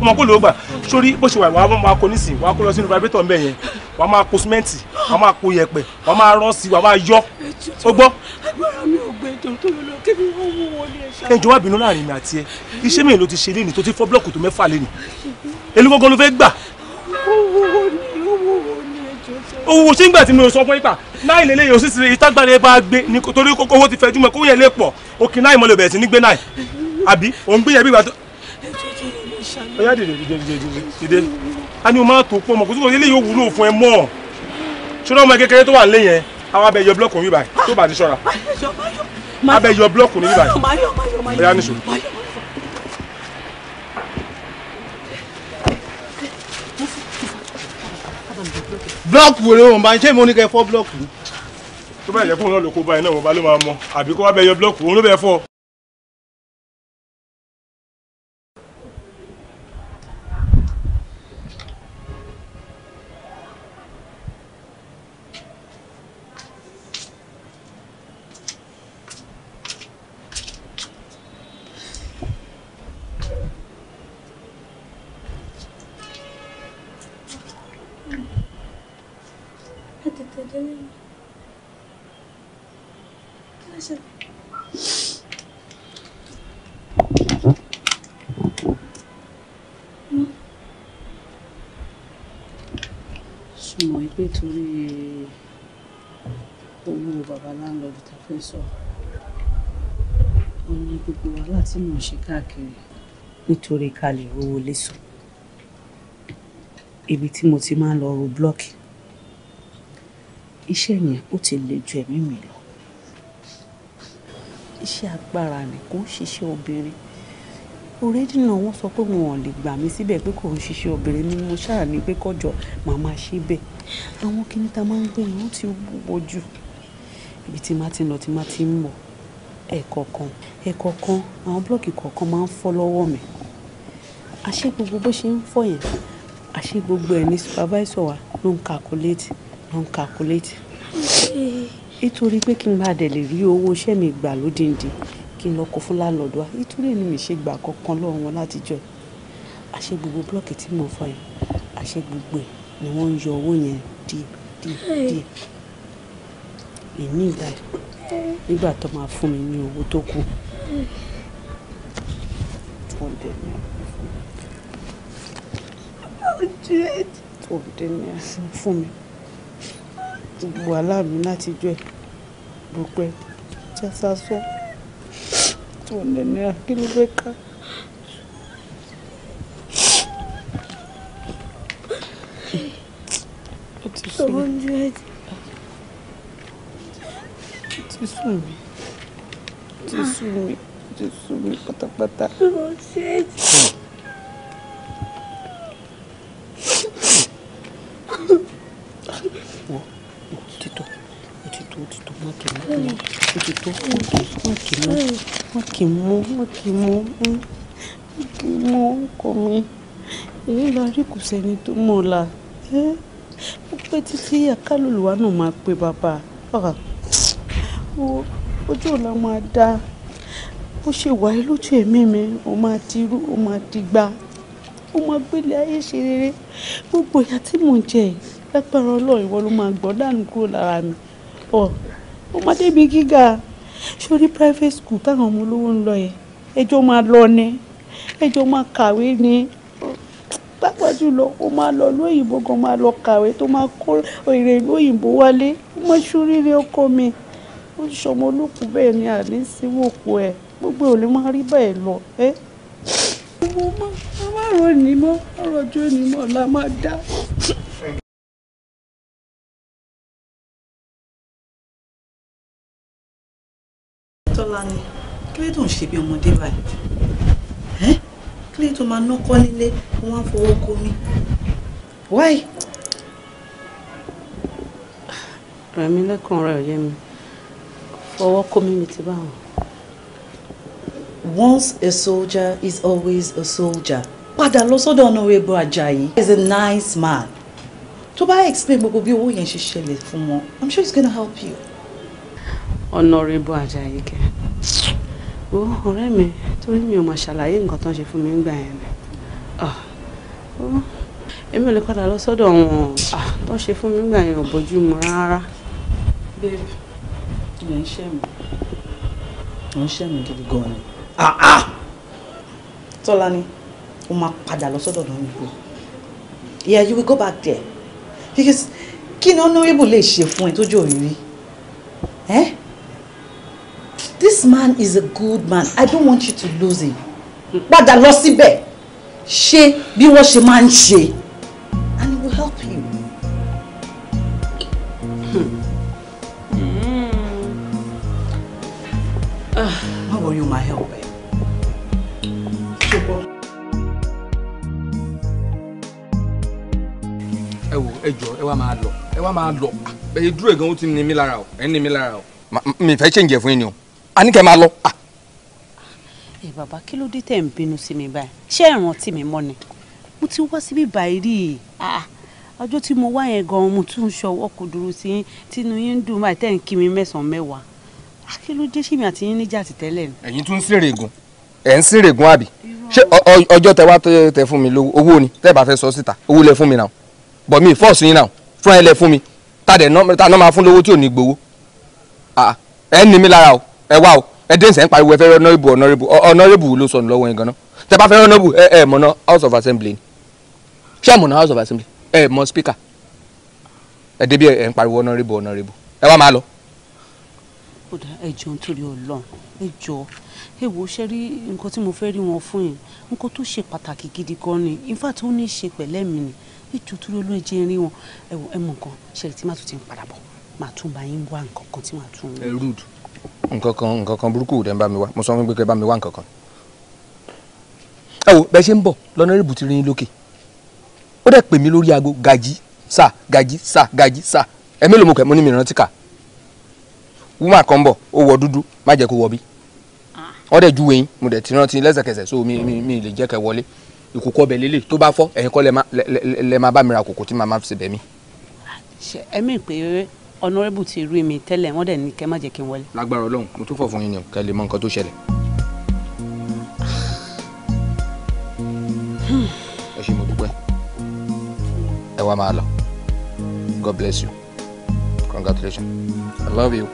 ọmọ pé olówó gbà sórí bó ṣe wà wàá máa kó nísìn wàá kó lọ sínú vibrator ńbẹ yẹn wàá máa kó símẹ́ǹtì wàá máa kó yẹ̀pẹ̀ wàá máa rán sí wàá máa yọ ó gbọ́. agbára mi ẹjọ́ wá bínú láàrin mi àti ẹ iṣẹ́ mi ló ti ṣe léni tó ti fọ́ blọ́ọ̀kù tó mẹ́fà léni elúgbọ́ngàn ló fẹ́ gbà owó tí ń gbà tí mi ò sọ fún ipa náà ilé yìí òsì sí ìtagbára ẹ bá gbé ní torí owó ti fẹ́ jùmọ̀ kó yẹn lè pọ̀ òkè náà ìmọ̀lẹ̀ bẹ̀rẹ̀ sí ní gbé náà àbí òun gbé yẹn bí ìgbà tó. ọyá dìde dìde dìde dìde a ní o máa tó pọ̀ mọ̀ kó tó kọ́ ilé yóò wúlò fún ẹ mọ́ ṣọlá ọmọ kékeré tó wà nílé yẹn àwa abẹ yọ blọọkù yìí báyìí tó bá ti ṣọ́ra abẹ yọ blọọkù yìí báyìí ọyá níṣó. Block wo ló ń bá ṣé mo ní kẹ́ fọ́ blọọkù. tó bá yẹ kó ń lọ lóko báyìí náà wọn bá ló máa mọ àbí kó wá bẹ yọ blọọkù òun ló bẹ fọ́. pé torí owó bàbá láńlọ́ọ̀dù tá a fẹ́ sọ wọn ní gbogbo wàhálà tí mò ń ṣe káàkiri nítorí ká lè rówó lé sùn ibi tí mo ti máa ń lọ ro blọọkì iṣẹ́ yẹn ó ti le ju ẹ̀mí mi lọ iṣẹ́ agbára nìkan ṣiṣẹ́ obìnrin already náà wọ́n sọ pé wọn ò lè gbà mí síbẹ̀ pé kò ń ṣiṣẹ́ obìnrin ni mo ṣáà ní pé kọjọ màmá ṣe bẹ́ẹ̀ àwọn kìíní ta máa ń gbé wọn ti wúwo jù ibi tí máa ti lọ tí máa ti ń mọ̀ ẹ̀kọ̀ọ̀kan ẹ̀kọ̀ọ̀kan àwọn búlọ́ọ̀kì kọ̀ọ̀kan máa ń fọ́ lọ́wọ́ mi àṣé gbogbo bó ṣe ń fọ́ yẹn àṣé gbogbo ẹ̀ ní supervisor wa ló ń calculate ló ń calculate nítorí pé kí n bá dẹ̀ lè rí owó iṣẹ́ mi gbà lódindi kí n lọ kó fún láńlọ́ọ̀dù wa nítorí èmi mi ṣe gbà kankan lọ́wọ́ wọn láti jọ àṣẹ gbogbo blọọkì tí mo fọ yẹn àṣẹ gbogbo ẹ̀ ni wọ́n ń yọ owó yẹn díẹ̀ díẹ̀ díẹ̀ èmi ìgbà nígbà tó máa fún mi ní owó tó kù fún mi gbogbo aláàmì láti jọ ẹ gbogbo ẹ jásá sọ tó nìyẹn kí ló fẹ́ ká. ó ti sùn mí ó ti sùn mí ó ti sùn mí ó ti sùn mí pátápátá. kì í mú mo kì í mú mo kì í mú ọkọ mi èyí lọ rí kò sẹ́ni tó mọ̀ la ó pẹ́ títí akálòlùwà náà máa pe bàbá ojú ọ̀la máa dá bó ṣe wà ẹ́ lójú ẹ̀mí mi ó máa ti rú ó máa ti gbà ó máa gbélé ayé ṣe rere gbogbo ìyà tí mò ń jẹ lágbára ọlọ́run ìwọ ló máa gbọ́ dànù kúrò lára mi ọ ó máa débi gíga sórí private school táwọn ọmọ olówó ń lọ yẹn ẹjọ́ máa lọ ni ẹjọ́ máa kàwé ni pàápàá jùlọ ó máa lọ lóyìnbó gan máa lọ kàwé tó máa kó èrè lóyìnbó wálé ó máa ṣoríire ọkọ mi ó ń ṣọmọ olókùn bẹ́ẹ̀ ni àní síwòkù ẹ̀ gbogbo ò lè máa rí bẹ́ẹ̀ lọ ẹ́. gbogbo ọmọ ọmọ àrò ní mọ́ ọrọ̀ ọjọ́ la máa dá. Tọ́lá ni kí ló tó ń ṣe bí ọmọdé báyìí kí ló tó máa ná nílé wọ́n á fọwọ́ kó mi. wáì. rẹ̀mí lẹ́kàn rẹ̀ yé mi fọwọ́ kó mi mi ti bá wọn. once a soldier is always a soldier padà lọ sọ́dọ̀ honorable Ajayi he is a nice man tó bá explain gbogbo bí owó yẹn ṣe ṣẹlẹ̀ fún wọn i'm sure he's gonna help you. Honorable Ajayike wo ọ̀rẹ́ mi torí mi ò mọ̀ ṣàlàyé nǹkan tó ń ṣe fún mi nígbà yẹn ni ah, èmi ò lè padà lọ sọ́dọ̀ wọn ah, tó ń ṣe fún mi nígbà yẹn ò bójú mu rárá. bẹ́ẹ̀ ni ń ṣẹ́ mi ń ṣẹ́ mi gidi gan ni ah, tọ́lá ni ó máa padà lọ sọ́dọ̀ náà nígbò yeah you will go back there because kí ni honourable lè ṣe fún ẹ tó jẹ́ òrírí Eh? this man is a good man i don't want you to lose him padà lọ síbẹ̀ ṣe bí wọ́n ṣe máa ń ṣe and it will help you. How hmm. will you my help? ẹ wò ẹ jọ ẹ wá máa lọ ẹ wá máa lọ ẹ dúró gan ó ti ní mi lára o ẹ ní mi lára o. mi fẹ́ ṣèǹjẹ̀ fún yín ni o a ní kẹ́ máa lọ. ẹ ah. eh, bàbá kí ló dé tẹ̀ ń bínú sí mi báyìí ṣé ìrántí mi mọ́ ni mo ti wá síbí báyìí rí i ah, ọjọ́ tí mo wá yẹn gan-an mo tún ń ṣọwọ́ kò dúró sí yín tínú yín ń dùn báyìí tẹ̀ ń kí mi mẹ́sàn-án mẹ́wàá ah, kí ló dé ṣèmi àti yín níjà ti tẹ́lẹ̀ ni. ẹ̀yin tún ń sèrè gun ẹ̀ ń sèrè gun àbí ṣé ọjọ́ tẹ wá tẹ fún mi lówó owó ni tẹ́ bá fẹ́ sọ síta owó lẹ fún mi náà bọ̀ fọ́ọ̀sì yín náà fún ẹ lẹ fún mi tàdé náà máa fún lówó tí ò ní gbowó ẹ ń ni mí lára o ẹ wá o ẹ dé nsẹ̀ ń pariwo ẹ fẹ́ honourable honourable honourable ló sọnù lọ́wọ́ yẹn gan-an tẹ bá fẹ́ honourable ẹ ẹ mọ̀nà house of assembly ni ṣé ẹ mọ̀nà house of assembly ẹ mọ̀ speaker ẹ débi ẹ ń pariwo honourable honourable ẹ wá máa lọ. kódà ẹ jọ nítorí Ọlọ́run ẹ jọ ẹ wo ṣe rí nǹkan tí mo fẹ́ rí wọn fún yẹn nǹkan tó ṣe pàtàkì gidi gan ni in fact ó ní í ṣe pẹ̀lẹ́ mi ni nítorí olóyè jẹ́ rí wọn ẹ mọ̀ nǹkan ṣe tí màá tún ti ń padà bọ̀ màá tún bá yín wá nǹkan kan tí màá tún. ẹ rúdù nǹkan kan nǹkan kan burúkú rẹ̀ ń bá mi wá mo sọ fún mi pé kẹ́ bá mi wá nǹkan kan. ẹ wo bẹ́ẹ̀ ṣe ń bọ̀ lọ́nà rìbù ti rí yín lókè ó dẹ̀ pè mí lórí aago gàjí sà gàjí sà gàjí sà ẹ mélòó mo kẹ́ mo ní mi rántí kà wúmà kan bọ̀ ó wọ dúdú má jẹ́ kó wọ bí wọ́n ah. dẹ̀ júwe mo dẹ̀ ti rántí lẹ́sẹ̀kẹsẹ̀ so mi mi mi lè jẹ́ kẹ́ wọlé ìkòkò ọbẹ̀ lélẹ̀ tó bá fọ́ ẹ̀yin kọ́ lẹ máa bá mi ra kòkò tí màá máa fi ṣe bẹ̀ mí. ṣe ẹ̀mí pé honourable ti rí mi tẹ́lẹ̀ wọ́n dẹ̀ ní kẹ́ má jẹ́ kí n wọlé. lágbára ọlọ́run mo tún fọ̀ fún yín ni kẹ́ lè mọ nǹkan tó ṣẹlẹ̀. ẹ ṣé mo dúpẹ́ ẹ wá máa lọ god bless you congratulations i love you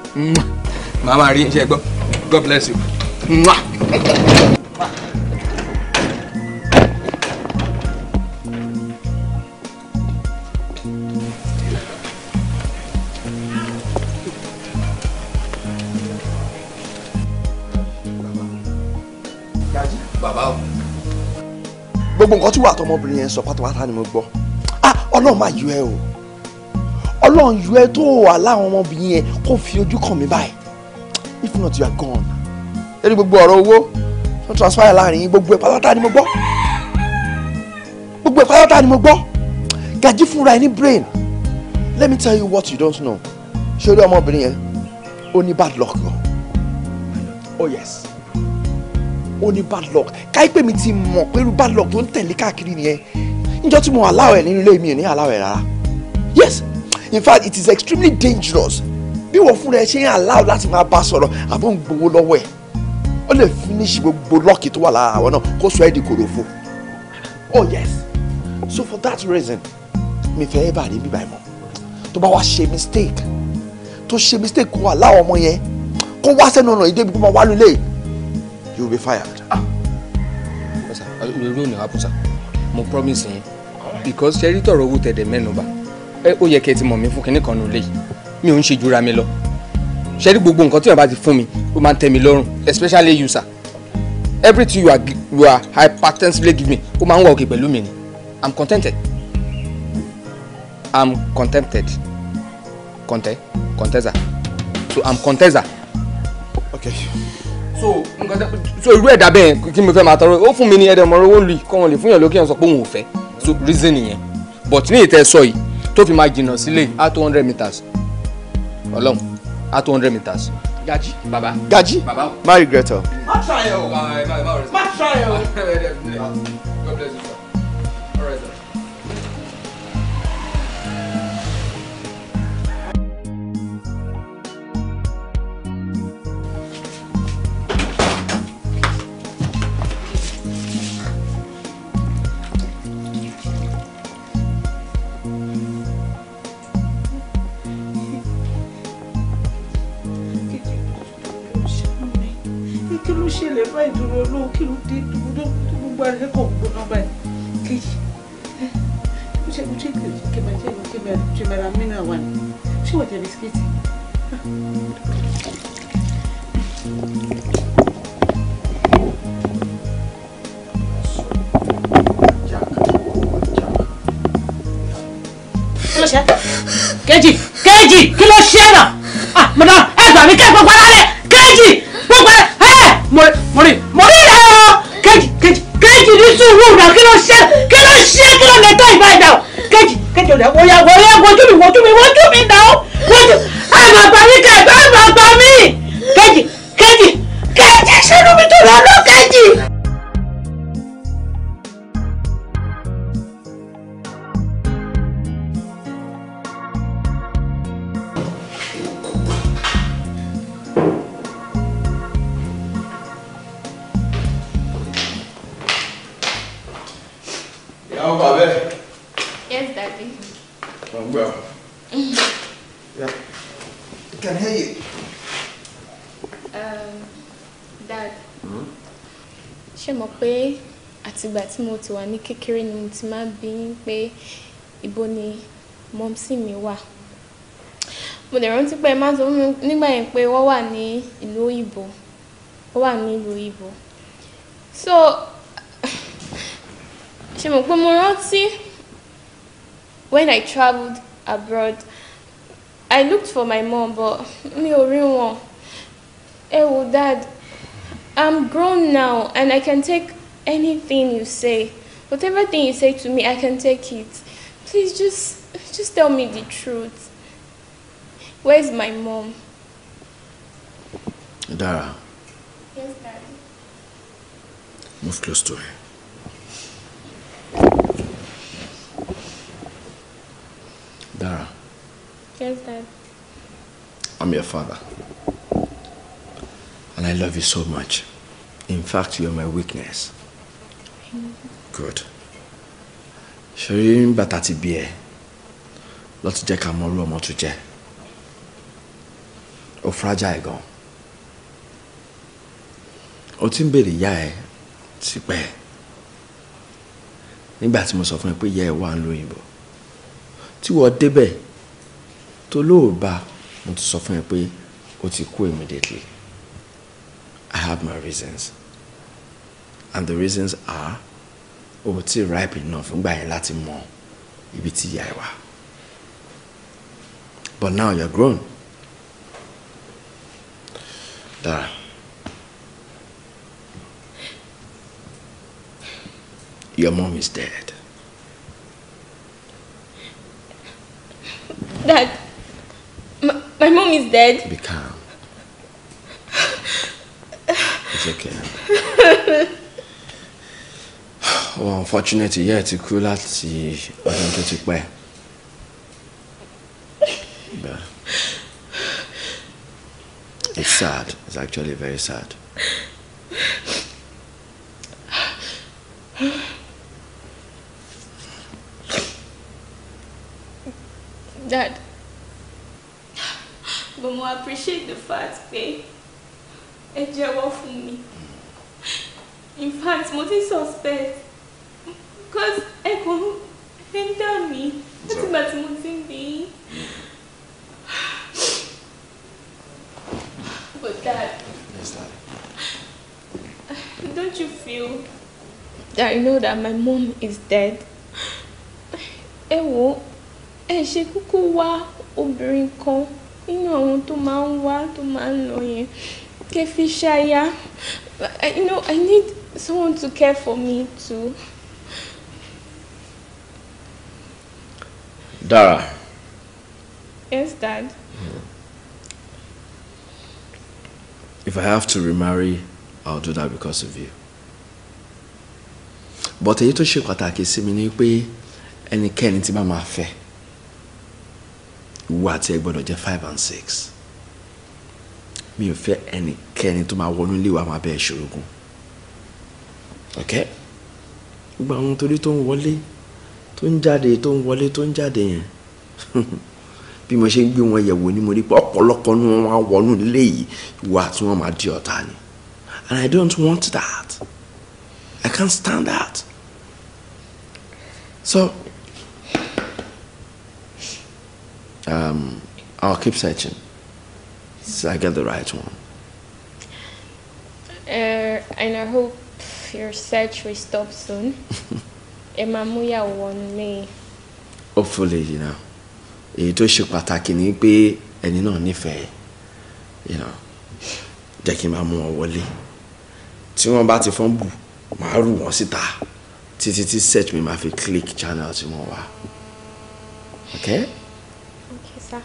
màá máa rí iṣẹ́ gbọ́ god bless you. gbogbo nǹkan tí wà tọmọbìnrin yẹn sọ pátápátá ni mo gbọ́ ah ọlọ́run máa yọ ẹ o ọlọ́run yọ ẹ tó wà láwọn ọmọbìnrin yẹn kó fi ojú kàn mí báyìí if not you are gone lórí gbogbo ọ̀rọ̀ owó tó transfer láàrin yín gbogbo ẹ̀ pátápátá ni mo gbọ́ gbogbo ẹ̀ pátápátá ni mo gbọ́ gàjí fúnra ẹ ní brain let me tell you what you don't know ṣé orí ọmọbìnrin yẹn ó ní bad luck o oh yes ó ní bad luck káípẹ́ mi ti mọ̀ pé irú bad luck tó ń tẹ̀lé káàkiri nìyẹn níjọ́ tí mo aláwọ̀ ẹ̀ nínú ilé mi ò ní aláwọ̀ ẹ̀ rárá yes in fact it is extremely dangerous bí wọ́n fúnra ẹ ṣe ń aláwọ̀ láti máa bá sọ̀rọ̀ àbọ̀ ń gbowó lọ́wọ́ ẹ̀ ó lè finish gbogbo lọ́ọ̀kì tó wà lára àwọn náà kó sọ ẹ́ di kòròfo oh yes so for that reason mi fẹ́ ẹ bá rí bíbá ẹ mọ́ tó bá wá ṣe mistake tó ṣe mistake kó wà láwọn ọmọ yẹn kó wá sẹ́nu ọ̀nà ìdẹ́bi kó máa wá lulẹ̀ you will be fired irú ò ní happen sir mo promise yín because ṣe rí tọrọ owó tẹ̀dẹ̀ mẹ́nuba ẹ ó yẹ kẹ́ ẹ ti mọ̀ mí fún kinní kan nulẹ̀ yìí mi ò ń ṣe jura mi lọ ṣe rí gbogbo nǹkan tí wọ́n bá ti fún mi ó máa ń tẹ́ mi lọ́rùn especially you sir everything you are, you are hypertensively give me ó máa ń wà òkè pẹ̀lú mi ni i'm contented i'm contented conte contesa so i'm contesa. okay so nǹkan tẹ so irú ẹ̀dá bẹ́ẹ̀ kí mo fẹ́ máa tọrọ ó fún mi ní ẹ̀dẹ̀ ọmọrówó lì kọ́ wọn lè fún yàn lókè yàn sọ pé òun ò fẹ́ so reason nìyẹn but ní ìtẹ́ sọ yìí tó fi máa jìnnà sílé á two hundred meters ọlọ́run á two hundred meters. gaji baba gaji baba má regret o. má try o má try o. báyìí dúró lóhùn kí ló dé dúró tó gbogbo ara rẹ kàn gbóná báyìí kejì ó ṣe kó ṣe kébàjẹ́ kébàjẹ́ mìíràn wà ní ṣé wọ́n jẹ bisikíìtì. kejì kejì kí ló ṣe é náà ah madam tí mo ti wà ní kékeré ni mo ti máa ń bi pé ibo ni mọ́mísì mi wà mo dẹ̀ rántí pé ẹ máa nígbà yẹn pé wọ́n wà ní ìlú òyìnbó wọ́n wà ní ìlú òyìnbó so ṣe mọ̀ pé mo rántí when I travelled abroad I looked for my mom but mi ò rí wọn ẹ wò dad I'm grown now and I can take anything you say, whatever thing you say to me, I can take it. Please just, just tell me the truth. Where's my mom? Dara. Yes, Daddy. Move close to her. Dara. Yes, Dad. I'm your father. And I love you so much. In fact, you're my weakness. good ṣeré bàtà ti bí ẹ lọ ti jẹ́ ká mọ irú ọmọ tó jẹ́ ó fragile gan ó ti ń béèrè ìyá ẹ tipẹ́ nígbà tí mo sọ fún ẹ pé ìyá ẹ wà ń lóyìnbó tí wọ́n débẹ̀ tó lóòbá mo ti sọ fún ẹ pé ó ti kú immediately I have my reasons and the reasons are o oh, ti ripe enough ngbà yẹn láti mọ ibi tí ìyá ẹ wà but now you are grown Dara your mom is dead. Dad, my, my mom is dead. Be calm. It's okay. oh, unfortunate ìyá ẹ̀ ti kú láti ọdún tó ti pẹ́. It's sad. It's actually very sad. Dad, but mo appreciate the fact pé ẹ jẹ́wọ́ for me. In fact, mo ti suspect cause ẹ kàn ń ń dà mí látìgbà tí mo ti ń But Dad. Yes, Dad. Don't you feel that I know that my mom is dead? Ẹ wo, ẹ ṣe kúkú wá obìnrin kan nínú àwọn tó máa ń wá tó máa ń lọ yẹn kẹ́ You know, I need someone to care for me too. Dara. Yes, Dad. Hmm. If I have to remarry, I'll do that because of you. But èyí tó ṣe pàtàkì sí mi ni pé ẹnikẹ́ni tí bá máa fẹ́ ìwọ àti ẹ gbọ́dọ̀ jẹ́ five and six. Mi ò fẹ́ ẹnikẹ́ni tó máa wọnú ilé wa máa bẹ́ẹ̀ ṣòro gun. Okay? Gbogbo àwọn torí to ń wọlé tó ń jáde tó ń wọlé tó ń jáde yẹn bí mo ṣe ń gbé wọn yẹ̀wò ni mo rí pé ọ̀pọ̀lọpọ̀ ni wọ́n máa wọnú ilé yìí ìwà tí wọ́n máa di ọ̀tá ni and I don't want that I can't stand that so um, I'll keep searching so I get the right one. Uh, and I hope your search will stop soon. ẹ máa múyàwó wọnú lẹ́yìn. hopefully you know èyí tó ṣe pàtàkì ni pé ẹni náà nífẹ̀ẹ́ you know jẹ́ kí n máa mú wọn wọlé tí wọ́n bá ti fọ́n bù màá rù wọ́n síta títí tí search mi máa fi click channel tí wọ́n wà. okay? okay sir.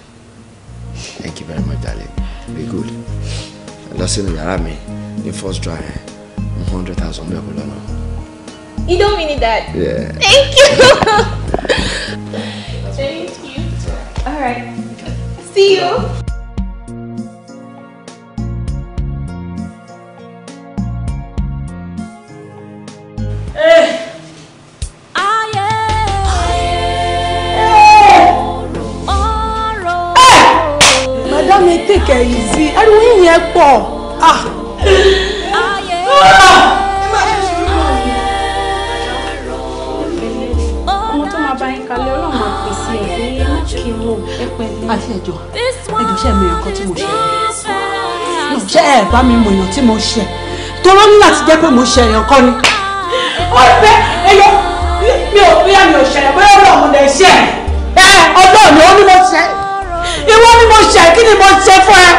thank you very much darling be good lọ sínú yàrá mi ní first drawing eh? one hundred thousand bẹ́ẹ̀ kó lọ́nà. You don't mean it, that. Yeah. Thank you. Thank you. All right. See you. Eh. Eh. Madame, take it easy. Ariwo yín yẹn pọ̀. Ah. ẹ bá mi mọ èèyàn tí mo ṣe torọ́ ní láti jẹ́ pé mo ṣe èèyàn kọ́ ni. ọ̀pẹ ẹyọ mi ò bí àmì òṣèlè bóyá ọ̀rọ̀ ọ̀mọdé ṣe ẹ ọlọ́run ni ó ní mo ṣe ìwọ ni mo ṣe kí ni mo ṣe fún ẹ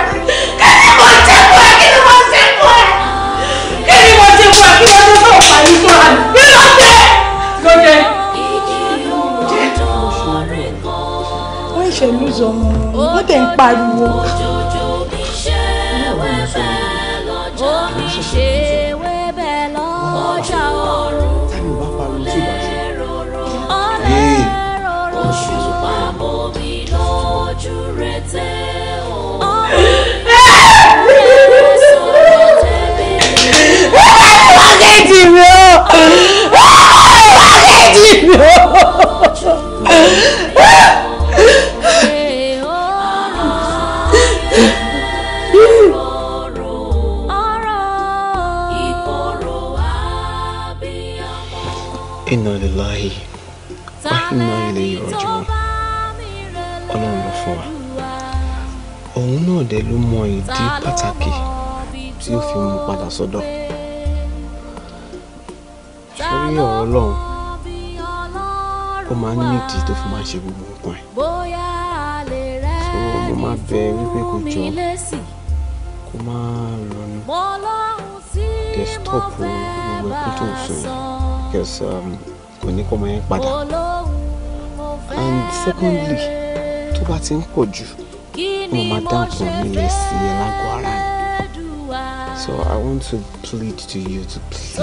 kí ni mo ṣe fún ẹ kí ni mo ṣe fún ẹ kí ni mo ṣe fún ẹ kí ni mo ṣe fún ọ̀pá yìí fún ẹ kí ló dé ló dé. wọ́n ṣe lùzọ̀ ọmọ wọn wọ́n tẹ̀ ń pariwo. Wákẹ́jì mi o. Inna lillahi wa inna ilayhi raji'un ọlọ́run ló fún wa òun náà dẹ̀ ló mọ ìdí So ọ̀rọ̀ Ọlọ́run ó máa ń nídìí tó fi máa ṣe gbogbo nǹkan ẹ̀ mo máa bẹ wípé kò jọ kó máa ronú desktop gbogbo ẹkún tó ń sọ yẹn because um, kò ní kọ́ ọmọ yẹn padà and secondly tó bá ti ń pọ̀ jù wọ́n máa dá nǹkan mi lẹ̀ sí ẹ lágọ̀ọ́ ara mi so I want to plead to you to please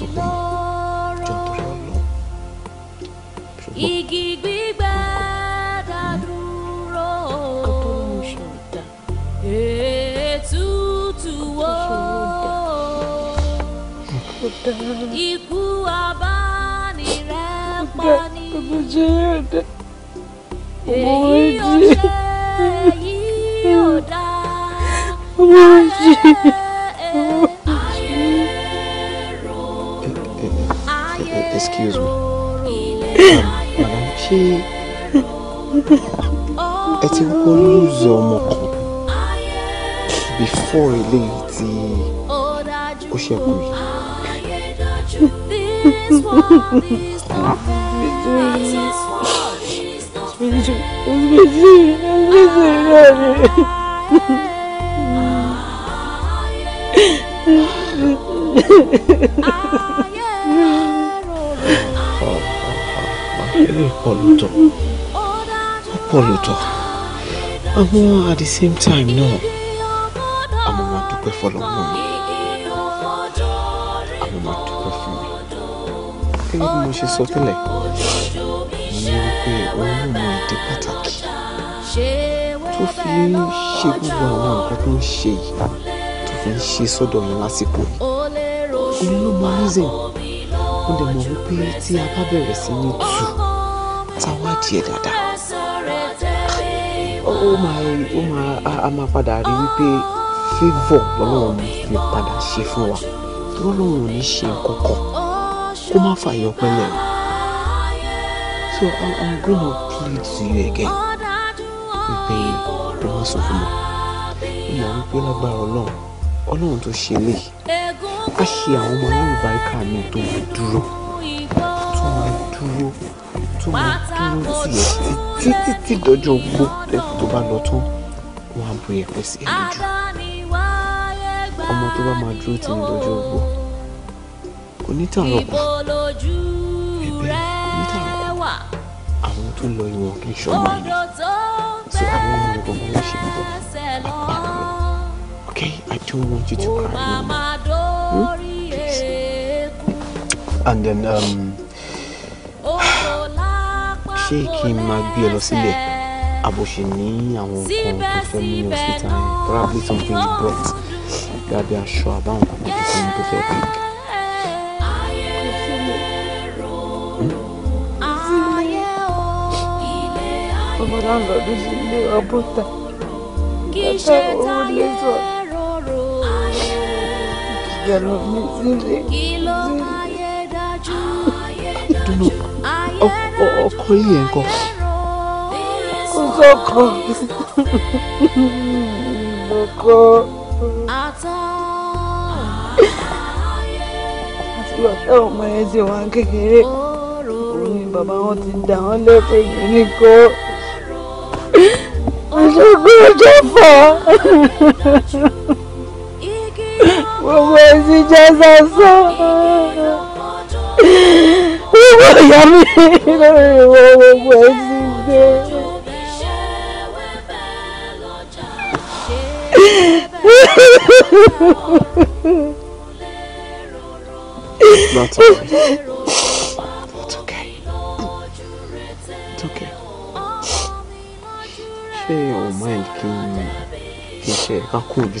sọ fún mi jọ torí ọlọ. igi ikú abánirẹ́pọ̀ ni èyí ò ṣe yí ò dá láyé. ṣé ẹ ti kọ́kọ́ lùzọ ọmọ kan before eléyìí tí ó ṣẹ́kù yìí. I pọ̀ lóòótọ́ ó at the same time náà àmọ́ máa dúpẹ́ fọlọ́mọ mi àmọ́ máa dúpẹ́ fún mi gẹ́gẹ́ bí mo ṣe sọ tẹ́lẹ̀ mo ní wípé òun náà máa di pàtàkì tó fi ń ṣe gbogbo àwọn nǹkan tó ń ṣe yìí tó fi ń ṣe sọ́dọ̀ yẹn lásìkò yìí òun reason mo dẹ̀ mọ̀ wípé tí a bá bẹ̀rẹ̀ sí ní tù sí ẹ dáadáa ó máa ó máa a máa padà rí wípé fífọ̀ lọ́lọ́run fi padà ṣe fún wa lọ́lọ́run ò ní ṣe nǹkan kan kó má fààyàn pẹ́lẹ́ o so I, I'm gonna plead to you again wípé lọ́wọ́ sọ fún mi ó mọ̀ wípé lágbára ọlọ́run ọlọ́run tó ṣe lè á ṣe àwọn ọmọ aláàbáríkà mi tó dúró tó máa dúró tó máa dúró sí ẹ títí títí dọjọ́ gbó tó bá lọ tán wọn á bu ìyẹ̀pẹ̀ sí ẹ lójú ọmọ tó bá máa dúró tì ní dọjọ́ gbó onítàrọ̀kù ẹ̀bẹ̀ onítàrọ̀kù àwọn tó lọ ìwọ̀n kì í ṣọ́gbà ni so àwọn ọmọ rẹ̀ gbọ́dọ̀ wọ́n ṣe gbọ́ apá mi okay I don't want you to cry anymore hmm? and then. Um, ṣé kí n máa gbé ẹ lọ sílẹ̀ àbòṣe ní àwọn nǹkan tó fẹ́ mú ní hospital yẹn probably something you brought gbàgbé aṣọ àbáwọn kòkòrò tuntun tó fẹ́ pick. Hmm? ọmọ náà lọ ní ilé ọbọta ẹ̀ka owó lè sọ ìgbàlọ́ mi sílé sílé. I don't know ọkọ yẹn kọ. kò sọ́kọ mo kọ́. àtúbọ̀ tẹ ọmọ yẹn ti wà kékeré òun ni bàbá wọn ti dà wọn lẹ́kọ̀ọ́ yìí ní kọ́. àṣọgbọ́n ọjọ́ fọ́. gbogbo ẹ̀sìn jẹ́ sọ́sọ́ ìwọ ìyá mi lórí ìwọ gbogbo ẹ ti It's okay. It's okay. Ṣé o mind kí n ṣe ká kú bí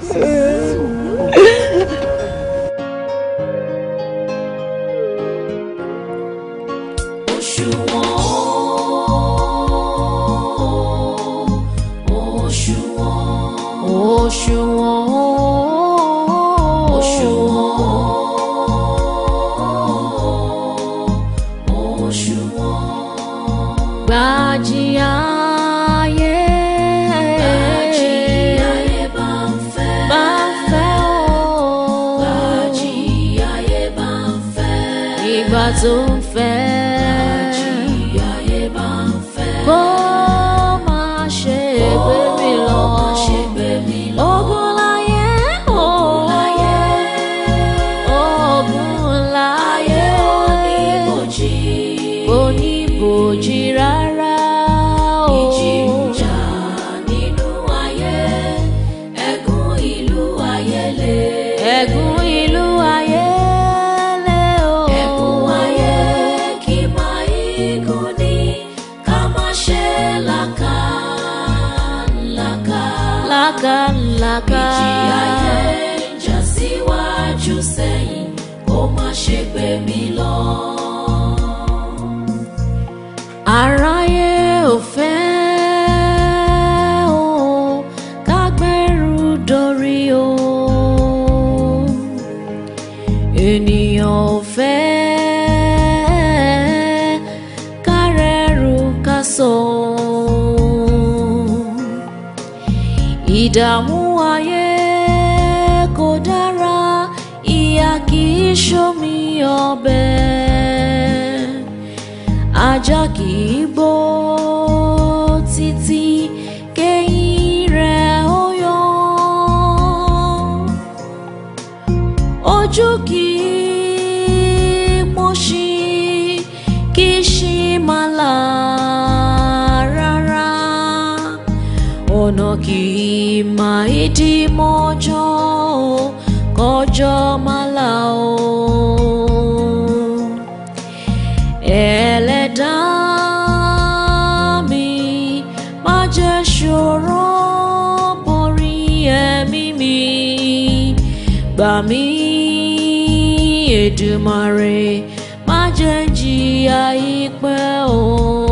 de amor. mi Èdùmàrè má jẹ́ n jìyà ìpẹ́